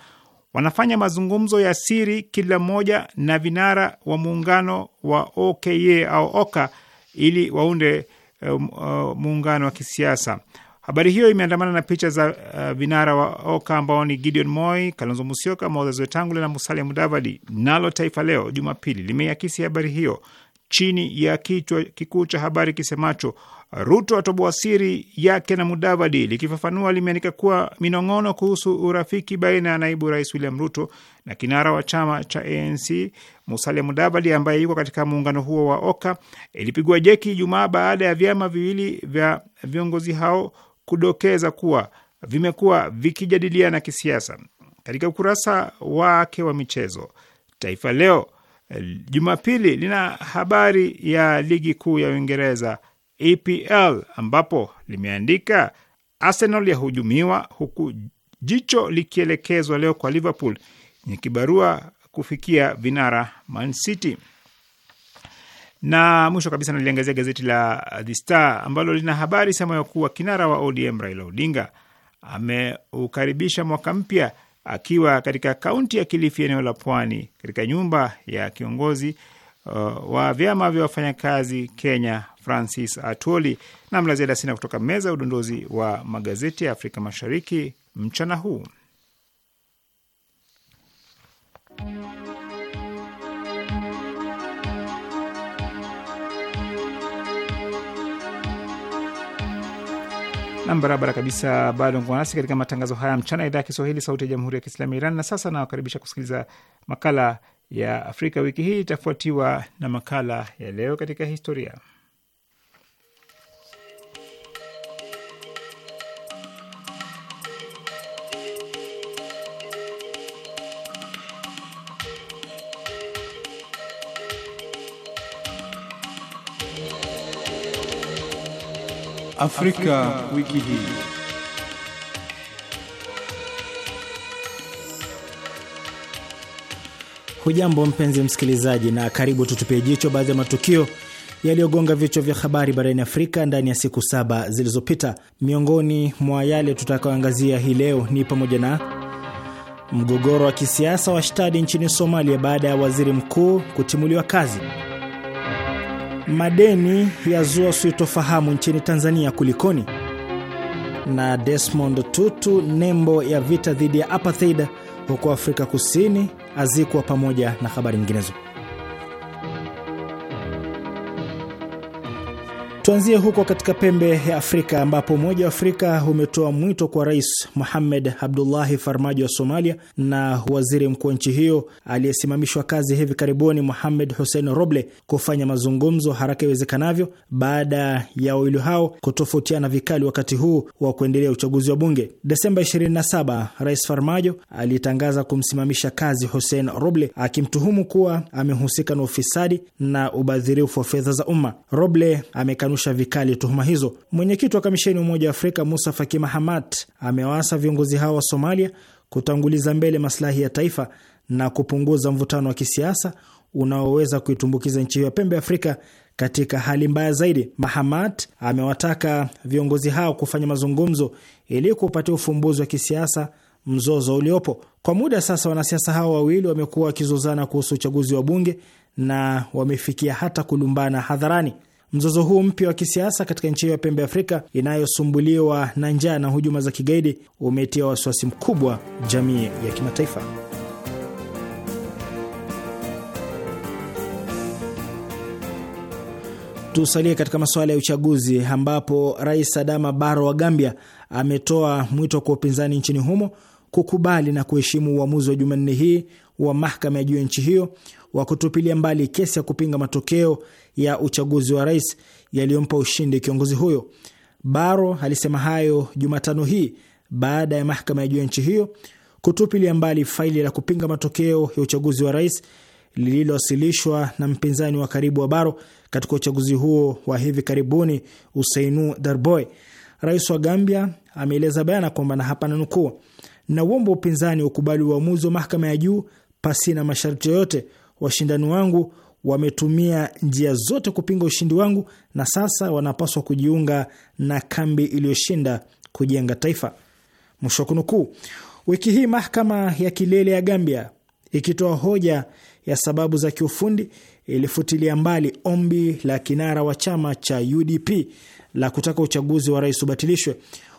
Speaker 1: wanafanya mazungumzo ya siri kila mmoja na vinara wa muungano wa OKA au OKA ili waunde uh, uh, muungano wa kisiasa. Habari hiyo imeandamana na picha za uh, vinara wa OKA ambao ni Gideon Moi, Kalonzo Musyoka, Moses Wetangula na Musalia Mudavadi. Nalo Taifa Leo Jumapili limeiakisi habari hiyo chini ya kichwa kikuu cha habari kisemacho Ruto atoboa siri yake na Mudavadi. Likifafanua, limeandika kuwa minong'ono kuhusu urafiki baina ya naibu rais William Ruto na kinara wa chama cha ANC Musalia Mudavadi ambaye yuko katika muungano huo wa OKA ilipigwa jeki Ijumaa baada ya vyama viwili vya viongozi hao kudokeza kuwa vimekuwa vikijadiliana kisiasa. Katika ukurasa wake wa michezo, Taifa Leo Eh, Jumapili lina habari ya ligi kuu ya Uingereza EPL ambapo limeandika Arsenal yahujumiwa huku jicho likielekezwa leo kwa Liverpool ni kibarua kufikia vinara Man City. Na mwisho kabisa naliangazia gazeti la The Star ambalo lina habari ya kuwa kinara wa ODM Raila Odinga ameukaribisha mwaka mpya akiwa katika kaunti ya Kilifi, eneo la Pwani, katika nyumba ya kiongozi uh, wa vyama vya wafanyakazi Kenya, Francis Atwoli. Na mlaziada sina kutoka meza ya udondozi wa magazeti ya Afrika Mashariki mchana huu. Nam barabara kabisa, bado mko nasi katika matangazo haya mchana, idhaa ya Kiswahili, sauti ya jamhuri ya kiislamu ya Iran. Na sasa nawakaribisha kusikiliza makala ya Afrika wiki hii, itafuatiwa na makala ya leo katika historia.
Speaker 3: Afrika, wiki hii. Hujambo mpenzi msikilizaji, na karibu tutupie jicho baadhi ya matukio yaliyogonga vichwa vya habari barani Afrika ndani ya siku saba zilizopita. Miongoni mwa yale tutakayoangazia hii leo ni pamoja na mgogoro wa kisiasa wa shtadi nchini Somalia baada ya waziri mkuu kutimuliwa kazi madeni yazua sitofahamu nchini Tanzania kulikoni? Na Desmond Tutu, nembo ya vita dhidi ya apartheid huko Afrika Kusini, azikwa pamoja na habari nyinginezo. Tuanzie huko katika pembe ya Afrika ambapo Umoja wa Afrika umetoa mwito kwa Rais Mohamed Abdullahi Farmajo wa Somalia na waziri mkuu wa nchi hiyo aliyesimamishwa kazi hivi karibuni Mohamed Hussein Roble kufanya mazungumzo haraka iwezekanavyo baada ya wawili hao kutofautiana vikali wakati huu wa kuendelea uchaguzi wa Bunge. Desemba 27, Rais Farmajo alitangaza kumsimamisha kazi Hussein Roble akimtuhumu kuwa amehusika na ufisadi na ubadhirifu wa fedha za umma. Roble amekan amekanusha vikali tuhuma hizo. Mwenyekiti wa kamisheni ya Umoja wa Afrika Musa Faki Mahamat amewaasa viongozi hao wa Somalia kutanguliza mbele maslahi ya taifa na kupunguza mvutano wa kisiasa unaoweza kuitumbukiza nchi hiyo ya pembe Afrika katika hali mbaya zaidi. Mahamat amewataka viongozi hao kufanya mazungumzo ili kupatia ufumbuzi wa kisiasa mzozo uliopo kwa muda sasa. Wanasiasa hao wawili wamekuwa wakizozana kuhusu uchaguzi wa bunge na wamefikia hata kulumbana hadharani. Mzozo huu mpya wa kisiasa katika nchi hiyo ya pembe Afrika inayosumbuliwa na njaa na hujuma za kigaidi umetia wasiwasi mkubwa jamii ya kimataifa. Tusalie katika masuala ya uchaguzi ambapo Rais Adama Barrow wa Gambia ametoa mwito kwa upinzani nchini humo kukubali na kuheshimu uamuzi wa Jumanne hii wa mahakama ya juu ya nchi hiyo wa kutupilia mbali kesi ya kupinga matokeo ya uchaguzi wa rais yaliyompa ushindi kiongozi huyo. Baro alisema hayo Jumatano hii baada ya mahakama ya juu ya nchi hiyo kutupilia mbali faili la kupinga matokeo ya uchaguzi wa rais lililowasilishwa na mpinzani wa karibu wa Baro katika uchaguzi huo wa hivi karibuni, Usainu Darboy. Rais wa Gambia ameeleza bayana kwamba na hapa nanukuu, na uombo upinzani ukubali uamuzi wa mahakama ya juu pasi na masharti yoyote, washindani wangu wametumia njia zote kupinga ushindi wangu, na sasa wanapaswa kujiunga na kambi iliyoshinda kujenga taifa. Mwisho kunukuu. Wiki hii mahakama ya kilele ya Gambia ikitoa hoja ya sababu za kiufundi ilifutilia mbali ombi la kinara wa chama cha UDP la kutaka uchaguzi wa rais ubatilishwe.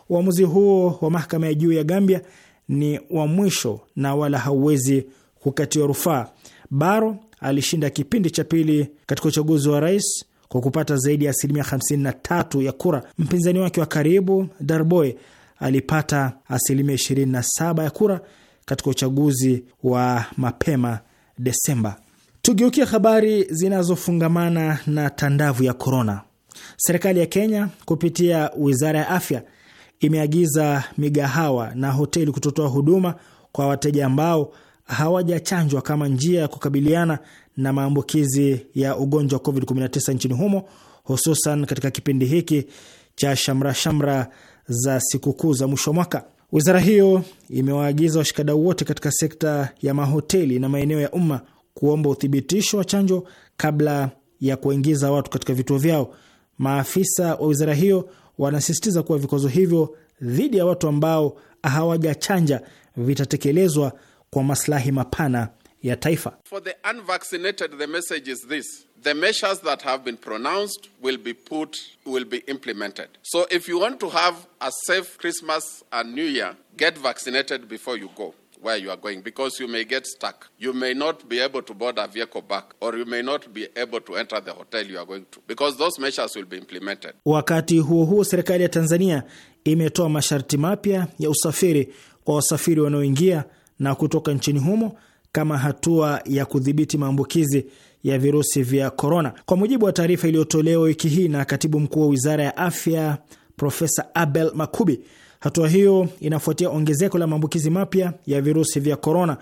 Speaker 3: Uamuzi huo wa mahakama ya juu ya Gambia ni wa mwisho na wala hauwezi kukatiwa rufaa. Baro alishinda kipindi cha pili katika uchaguzi wa rais kwa kupata zaidi ya asilimia 53 ya kura. Mpinzani wake wa karibu darboy alipata asilimia 27 ya kura katika uchaguzi wa mapema Desemba. Tugeukia habari zinazofungamana na tandavu ya korona. Serikali ya Kenya kupitia wizara ya afya imeagiza migahawa na hoteli kutotoa huduma kwa wateja ambao hawajachanjwa kama njia ya kukabiliana na maambukizi ya ugonjwa wa COVID-19 nchini humo, hususan katika kipindi hiki cha shamra shamra za sikukuu za mwisho wa mwaka. Wizara hiyo imewaagiza washikadau wote katika sekta ya mahoteli na maeneo ya umma kuomba uthibitisho wa chanjo kabla ya kuingiza watu katika vituo vyao. Maafisa wa wizara hiyo wanasisitiza kuwa vikwazo hivyo dhidi ya watu ambao hawajachanja vitatekelezwa kwa maslahi mapana ya taifa. For the unvaccinated, the message is this. The measures that have been pronounced will be put, will be implemented. So if you want to have a safe Christmas and New Year, get vaccinated before you go where you are going because you may get stuck. You may not be able to board a vehicle back or you may not be able to enter the hotel you are going to because those measures will be implemented. Wakati huo huo, serikali ya Tanzania imetoa masharti mapya ya usafiri kwa wasafiri wanaoingia na kutoka nchini humo kama hatua ya kudhibiti maambukizi ya virusi vya korona. Kwa mujibu wa taarifa iliyotolewa wiki hii na katibu mkuu wa wizara ya afya Profesa Abel Makubi, hatua hiyo inafuatia ongezeko la maambukizi mapya ya virusi vya korona.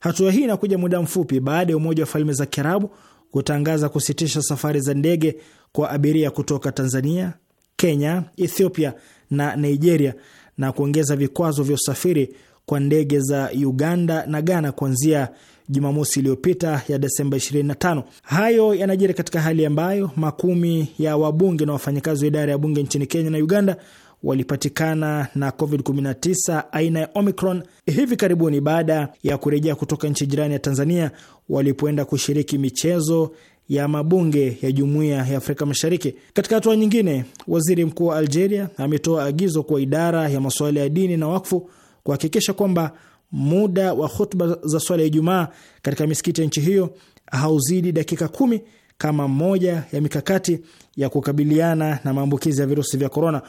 Speaker 3: Hatua hii inakuja muda mfupi baada ya Umoja wa Falme za Kiarabu kutangaza kusitisha safari za ndege kwa abiria kutoka Tanzania, Kenya, Ethiopia na Nigeria na kuongeza vikwazo vya usafiri kwa ndege za Uganda na Ghana kuanzia Jumamosi iliyopita ya Desemba 25. Hayo yanajiri katika hali ambayo makumi ya wabunge na wafanyakazi wa idara ya bunge nchini Kenya na Uganda walipatikana na COVID-19 aina ya Omicron hivi karibuni baada ya kurejea kutoka nchi jirani ya Tanzania walipoenda kushiriki michezo ya mabunge ya Jumuiya ya Afrika Mashariki. Katika hatua nyingine, Waziri Mkuu wa Algeria ametoa agizo kwa idara ya masuala ya dini na wakfu kuhakikisha kwamba muda wa khutba za swala ya Ijumaa katika misikiti ya nchi hiyo hauzidi dakika kumi kama moja ya mikakati ya kukabiliana na maambukizi ya virusi vya korona.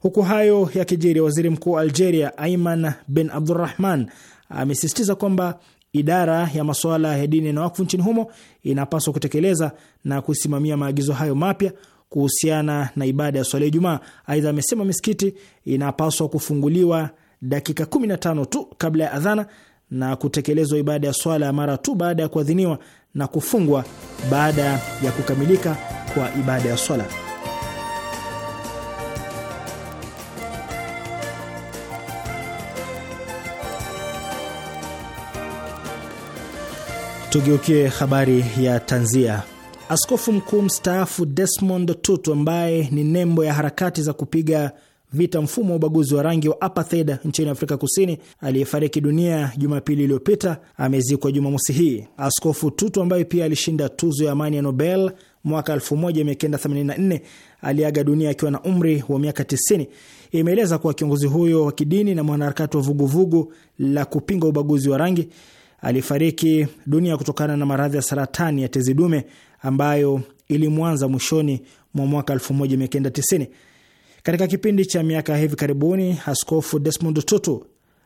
Speaker 3: Huku hayo yakijiri, waziri mkuu wa Algeria Aiman bin Abdurahman amesisitiza kwamba idara ya masuala ya dini na wakfu nchini humo inapaswa kutekeleza na kusimamia maagizo hayo mapya kuhusiana na ibada ya swala ya Ijumaa. Aidha, amesema misikiti inapaswa kufunguliwa dakika 15 tu kabla ya adhana na kutekelezwa ibada ya swala ya mara tu baada ya kuadhiniwa na kufungwa baada ya kukamilika kwa ibada ya swala. Tugeukie habari ya tanzia. Askofu mkuu mstaafu Desmond Tutu ambaye ni nembo ya harakati za kupiga vita mfumo wa ubaguzi wa rangi wa apartheid nchini Afrika Kusini, aliyefariki dunia Jumapili iliyopita amezikwa Jumamosi hii. Askofu Tutu ambaye pia alishinda tuzo ya amani ya Nobel mwaka 1984 aliaga dunia akiwa na umri wa miaka 90. Imeeleza kuwa kiongozi huyo wa kidini na mwanaharakati wa vuguvugu la kupinga ubaguzi wa rangi alifariki dunia kutokana na maradhi ya saratani ya tezi dume ambayo ilimwanza mwishoni mwa mwaka 1990. Katika kipindi cha miaka hivi karibuni, Askofu Desmond Tutu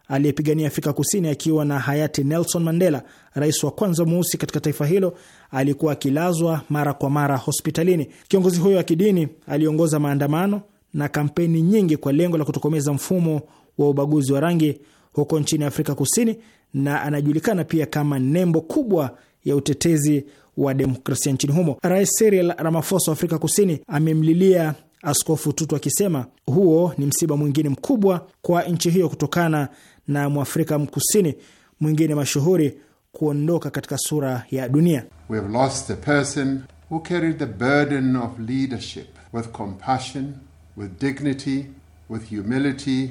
Speaker 3: aliyepigania Afrika Kusini akiwa na hayati Nelson Mandela, rais wa kwanza mweusi katika taifa hilo, alikuwa akilazwa mara kwa mara hospitalini. Kiongozi huyo wa kidini aliongoza maandamano na kampeni nyingi kwa lengo la kutokomeza mfumo wa ubaguzi wa rangi huko nchini Afrika Kusini, na anajulikana pia kama nembo kubwa ya utetezi wa demokrasia nchini humo. Rais Cyril Ramaphosa wa Afrika Kusini amemlilia Askofu Tutu akisema huo ni msiba mwingine mkubwa kwa nchi hiyo kutokana na mwafrika mkusini mwingine mashuhuri kuondoka katika sura ya dunia.
Speaker 1: We have lost a person who carried the burden of leadership with compassion, with dignity, with humility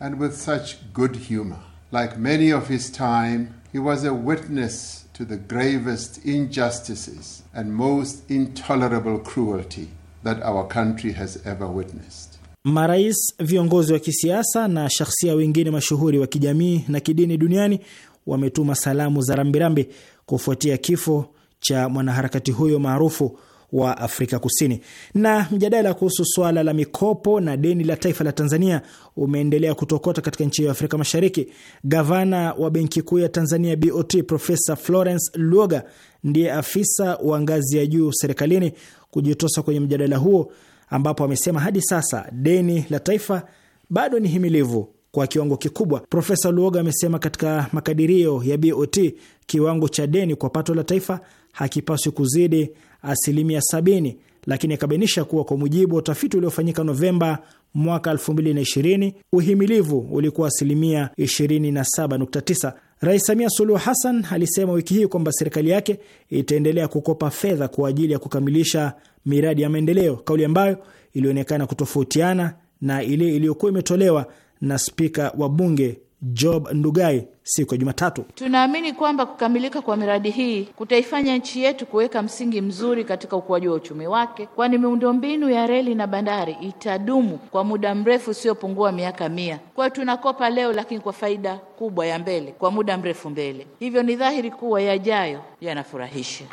Speaker 1: and with such good humor. Like many of his time, he was a witness to the gravest injustices and most intolerable cruelty that our country has ever witnessed.
Speaker 3: Marais, viongozi wa kisiasa na shakhsia wengine mashuhuri wa kijamii na kidini duniani wametuma salamu za rambirambi kufuatia kifo cha mwanaharakati huyo maarufu wa Afrika Kusini. Na mjadala kuhusu swala la mikopo na deni la taifa la Tanzania umeendelea kutokota katika nchi ya Afrika Mashariki. Gavana wa Benki Kuu ya Tanzania BOT Profesa Florence Luoga ndiye afisa wa ngazi ya juu serikalini kujitosa kwenye mjadala huo, ambapo amesema hadi sasa deni la taifa bado ni himilivu kwa kiwango kikubwa. Profesa Luoga amesema katika makadirio ya BOT kiwango cha deni kwa pato la taifa hakipaswi kuzidi asilimia 70, lakini akabainisha kuwa kwa mujibu wa utafiti uliofanyika Novemba mwaka 2020 uhimilivu ulikuwa asilimia 27.9. Rais Samia Suluhu Hassan alisema wiki hii kwamba serikali yake itaendelea kukopa fedha kwa ajili ya kukamilisha miradi ya maendeleo, kauli ambayo ilionekana kutofautiana na ile iliyokuwa imetolewa na spika wa bunge Job Ndugai siku ya Jumatatu. Tunaamini kwamba kukamilika kwa miradi hii kutaifanya nchi yetu kuweka msingi mzuri katika ukuaji wa uchumi wake, kwani miundombinu ya reli na bandari itadumu kwa muda mrefu usiopungua miaka mia. Kwa hiyo tunakopa leo, lakini kwa faida kubwa ya mbele, kwa muda mrefu mbele. Hivyo ni dhahiri kuwa yajayo yanafurahisha.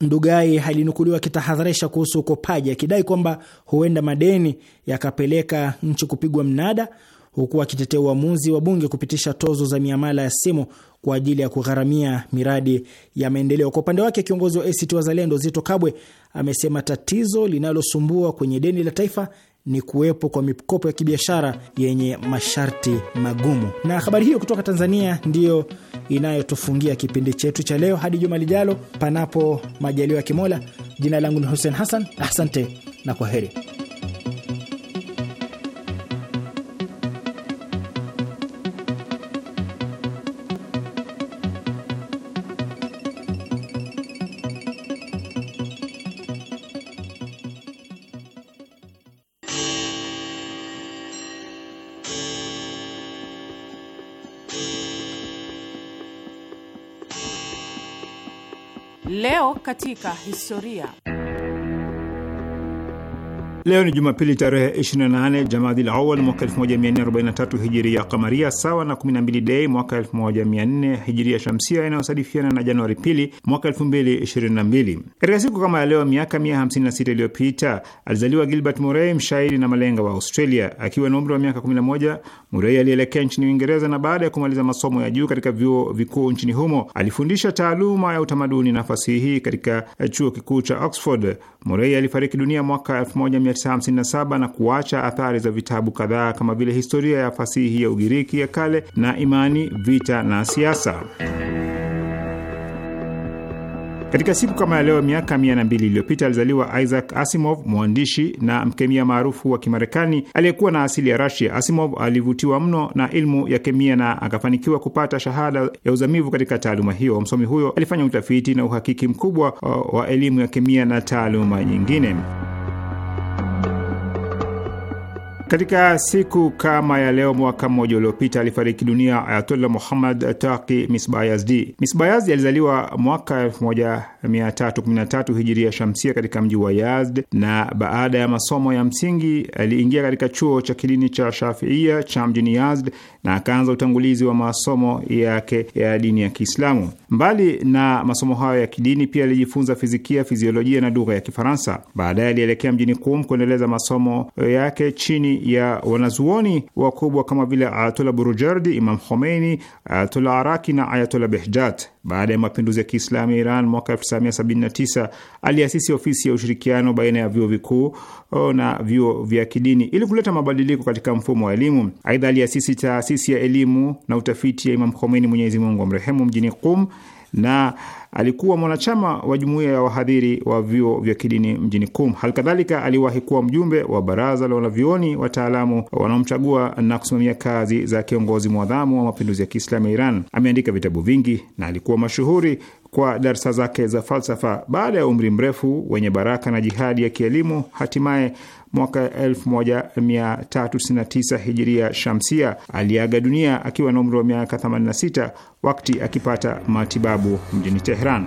Speaker 3: Ndugai alinukuliwa akitahadharisha kuhusu ukopaji, akidai kwamba huenda madeni yakapeleka nchi kupigwa mnada huku akitetea uamuzi wa bunge kupitisha tozo za miamala ya simu kwa ajili ya kugharamia miradi ya maendeleo. Kwa upande wake, kiongozi wa ACT Wazalendo Zito Kabwe amesema tatizo linalosumbua kwenye deni la taifa ni kuwepo kwa mikopo ya kibiashara yenye masharti magumu. Na habari hiyo kutoka Tanzania ndiyo inayotufungia kipindi chetu cha leo. Hadi juma lijalo, panapo majaliwa ya Kimola. Jina langu ni Hussein Hassan, asante na kwa heri.
Speaker 4: katika historia.
Speaker 1: Leo ni Jumapili tarehe 28 la Awal mwaka 1443 hijiria kamaria, sawa na 12 Dei mwaka 1400 hijiria shamsia, inayosadifiana na Januari pili mwaka 2022. Katika siku kama ya leo miaka 156 iliyopita alizaliwa Gilbert Murray, mshairi na malenga wa Australia. Akiwa na umri wa miaka 11, Murray alielekea nchini Uingereza na baada ya kumaliza masomo ya juu katika vyuo vikuu nchini humo alifundisha taaluma ya utamaduni na fasihi katika eh, chuo kikuu cha Oxford. Murray alifariki dunia mwaka 11 1957 na kuacha athari za vitabu kadhaa kama vile historia ya fasihi ya Ugiriki ya kale na imani, vita na siasa. Katika siku kama ya leo miaka mia na mbili iliyopita alizaliwa Isaac Asimov, mwandishi na mkemia maarufu wa Kimarekani aliyekuwa na asili ya Rasia. Asimov alivutiwa mno na ilmu ya kemia na akafanikiwa kupata shahada ya uzamivu katika taaluma hiyo. Msomi huyo alifanya utafiti na uhakiki mkubwa uh, wa elimu ya kemia na taaluma nyingine. Katika siku kama ya leo mwaka mmoja uliopita alifariki dunia Ayatollah Muhammad Taqi Misbayazdi. Misbayazdi alizaliwa mwaka 1313 hijiria shamsia katika mji wa Yazd, na baada ya masomo ya msingi aliingia katika chuo cha kidini cha Shafiia cha mjini Yazd na akaanza utangulizi wa masomo yake ya dini ya Kiislamu. Mbali na masomo hayo ya kidini, pia alijifunza fizikia, fiziolojia na lugha ya Kifaransa. Baadaye alielekea mjini Qum kuendeleza masomo yake chini ya wanazuoni wakubwa kama vile Ayatola Burujardi, Imam Khomeini, Ayatola Araki na Ayatola Behjat. Baada ya mapinduzi ya Kiislamu ya Iran mwaka 1979 aliasisi ofisi ya ushirikiano baina ya vyuo vikuu na vyuo vya kidini ili kuleta mabadiliko katika mfumo wa elimu. Aidha, aliasisi taasisi ya elimu na utafiti ya Imam Khomeini, Mwenyezi Mungu amrehemu, mjini Qum na alikuwa mwanachama wa jumuiya ya wahadhiri wa vyuo vya kidini mjini Kum. Halikadhalika, aliwahi kuwa mjumbe wa baraza la wanavyuoni wataalamu wanaomchagua na kusimamia kazi za kiongozi mwadhamu wa mapinduzi ya Kiislamu ya Iran. Ameandika vitabu vingi na alikuwa mashuhuri kwa darsa zake za falsafa. Baada ya umri mrefu wenye baraka na jihadi ya kielimu, hatimaye mwaka 1399 hijiria shamsia. Aliaga dunia akiwa na umri wa miaka 86 wakati akipata matibabu mjini Teheran.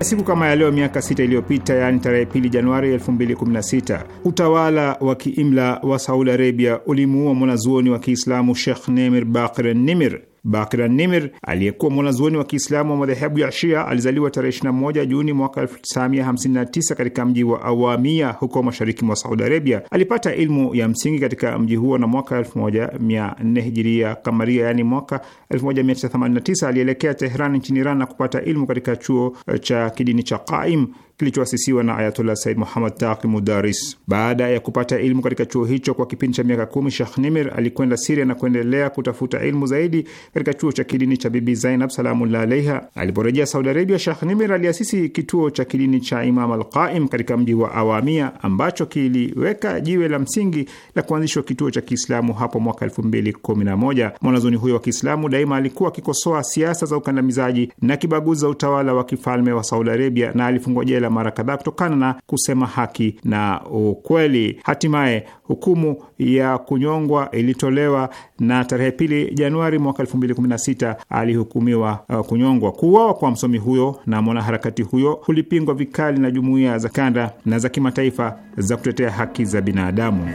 Speaker 1: Siku kama ya leo miaka sita iliyopita, yaani tarehe pili Januari 2016, utawala wa kiimla wa Saudi Arabia ulimuua mwanazuoni wa Kiislamu Sheikh Nemir Bakr Nimir. Bakran Nimir aliyekuwa mwanazuoni wa Kiislamu wa madhehebu ya Shia alizaliwa tarehe 21 Juni mwaka 1959 katika mji wa Awamia huko mashariki mwa Saudi Arabia. Alipata ilmu ya msingi katika mji huo na mwaka 1400 hijiria kamaria, yani mwaka 1989 alielekea Tehran nchini Iran na kupata ilmu katika chuo cha kidini cha Qaim kilichoasisiwa na Ayatollah Said Muhammad Taqi Mudaris. Baada ya kupata ilmu katika chuo hicho kwa kipindi cha miaka kumi, Shekh Nimir alikwenda Siria na kuendelea kutafuta ilmu zaidi katika chuo cha kidini cha Bibi Zainab Salamullah alaiha. Aliporejea Saudi Arabia, Shekh Nimir aliasisi kituo cha kidini cha Imam Alqaim katika mji wa Awamia ambacho kiliweka jiwe la msingi la kuanzishwa kituo cha Kiislamu hapo mwaka elfu mbili kumi na moja. Mwanazoni huyo wa Kiislamu daima alikuwa akikosoa siasa za ukandamizaji na kibaguzi za utawala wa kifalme wa Saudi Arabia na alifungwa jela mara kadhaa kutokana na kusema haki na ukweli. Hatimaye hukumu ya kunyongwa ilitolewa na tarehe pili Januari mwaka elfu mbili kumi na sita alihukumiwa uh, kunyongwa. Kuuawa kwa msomi huyo na mwanaharakati huyo kulipingwa vikali na jumuiya za kanda na za kimataifa za kutetea haki za binadamu.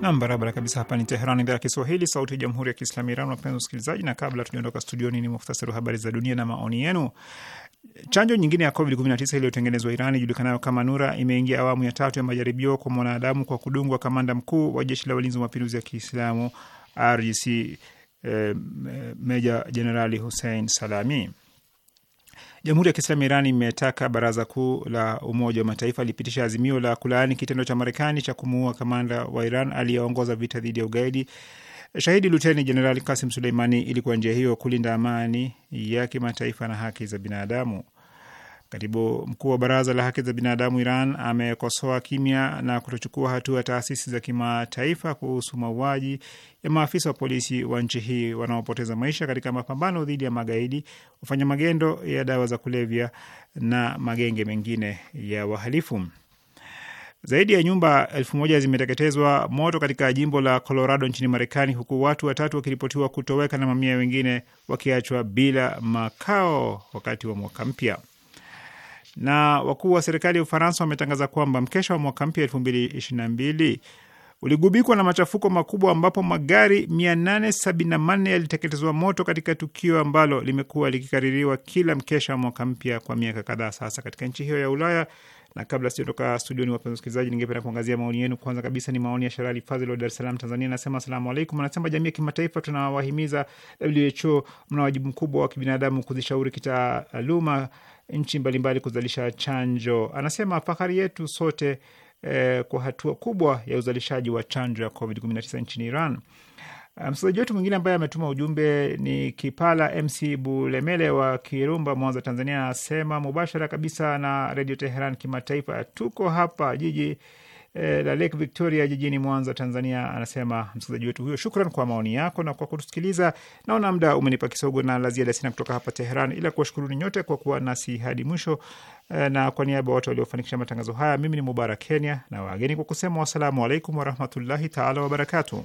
Speaker 1: Nam, barabara kabisa. Hapa ni Teheran, idhaa ya Kiswahili, sauti ya jamhuri ya kiislamu Iran. Wapenzi wasikilizaji, na kabla tujaondoka studioni, ni muhtasari wa habari za dunia na maoni yenu. Chanjo nyingine ya COVID-19 iliyotengenezwa Iran ijulikanayo kama Nura imeingia awamu ya tatu ya majaribio kwa mwanadamu kwa kudungwa kamanda mkuu wa jeshi la walinzi wa mapinduzi ya Kiislamu RGC, eh, Meja Jenerali Hussein Salami. Jamhuri ya Kiislamu ya Iran imetaka Baraza Kuu la Umoja wa Mataifa lipitisha azimio la kulaani kitendo cha Marekani cha kumuua kamanda wa Iran aliyeongoza vita dhidi ya ugaidi shahidi Luteni Jenerali Kasim Suleimani ili kwa njia hiyo kulinda amani ya kimataifa na haki za binadamu. Katibu mkuu wa baraza la haki za binadamu Iran amekosoa kimya na kutochukua hatua taasisi za kimataifa kuhusu mauaji ya maafisa wa polisi wa nchi hii wanaopoteza maisha katika mapambano dhidi ya magaidi, wafanya magendo ya dawa za kulevya na magenge mengine ya wahalifu. Zaidi ya nyumba elfu moja zimeteketezwa moto katika jimbo la Colorado nchini Marekani, huku watu watatu wakiripotiwa kutoweka na mamia wengine wakiachwa bila makao wakati wa mwaka mpya na wakuu wa serikali ya Ufaransa wametangaza kwamba mkesha wa mwaka mpya elfu mbili ishirini na mbili uligubikwa na machafuko makubwa ambapo magari 874 yaliteketezwa moto katika tukio ambalo limekuwa likikaririwa kila mkesha wa mwaka mpya kwa miaka kadhaa sasa katika nchi hiyo ya Ulaya na kabla sijatoka studioni, wapenzi wasikilizaji, ningependa kuangazia maoni yenu. Kwanza kabisa ni maoni ya Sharali Fadhil wa Dar es Salaam, Tanzania. Anasema asalamu alaikum. Anasema jamii ya kimataifa, tunawahimiza WHO, mna wajibu mkubwa wa kibinadamu kuzishauri kitaaluma nchi mbalimbali kuzalisha chanjo. Anasema fahari yetu sote eh, kwa hatua kubwa ya uzalishaji wa chanjo ya COVID-19 nchini Iran. Msikilizaji wetu mwingine ambaye ametuma ujumbe ni Kipala MC Bulemele wa Kirumba, Mwanza, Tanzania, anasema mubashara kabisa na Redio Teheran Kimataifa. Tuko hapa jiji eh, la Lake Victoria jijini Mwanza, Tanzania, anasema msikilizaji wetu huyo. Shukran kwa maoni yako na kwa kutusikiliza. Naona mda umenipa kisogo na la ziada sina kutoka hapa Teheran, ila kuwashukuruni nyote kwa kuwa nasi hadi mwisho eh, na kwa niaba ya watu waliofanikisha matangazo haya, mimi ni Mubarak Kenya na wageni kwa kusema wassalamu alaikum warahmatullahi taala wabarakatuh.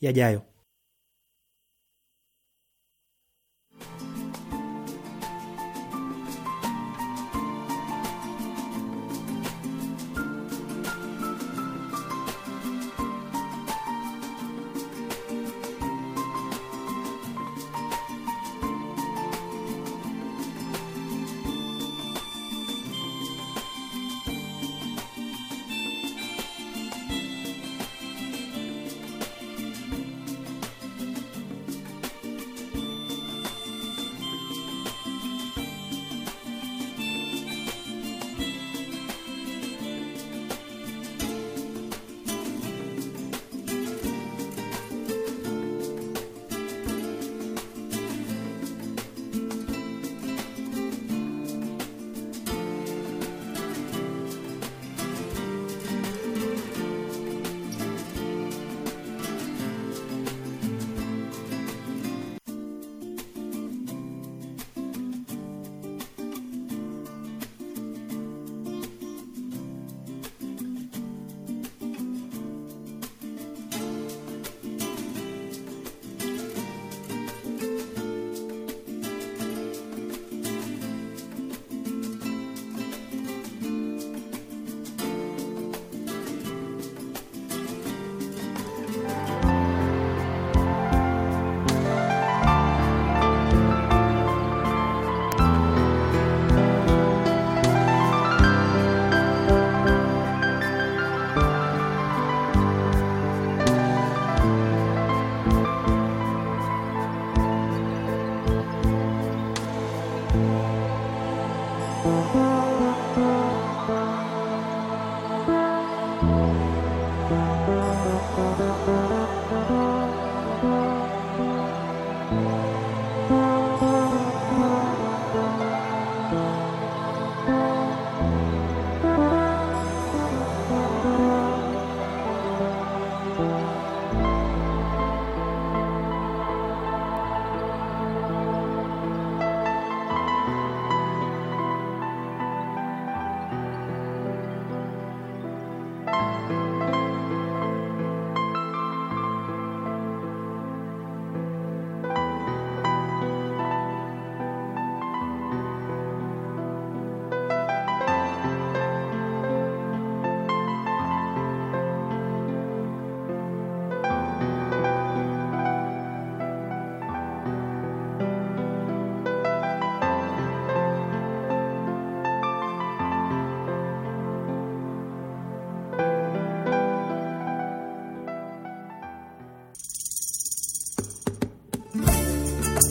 Speaker 3: yajayo.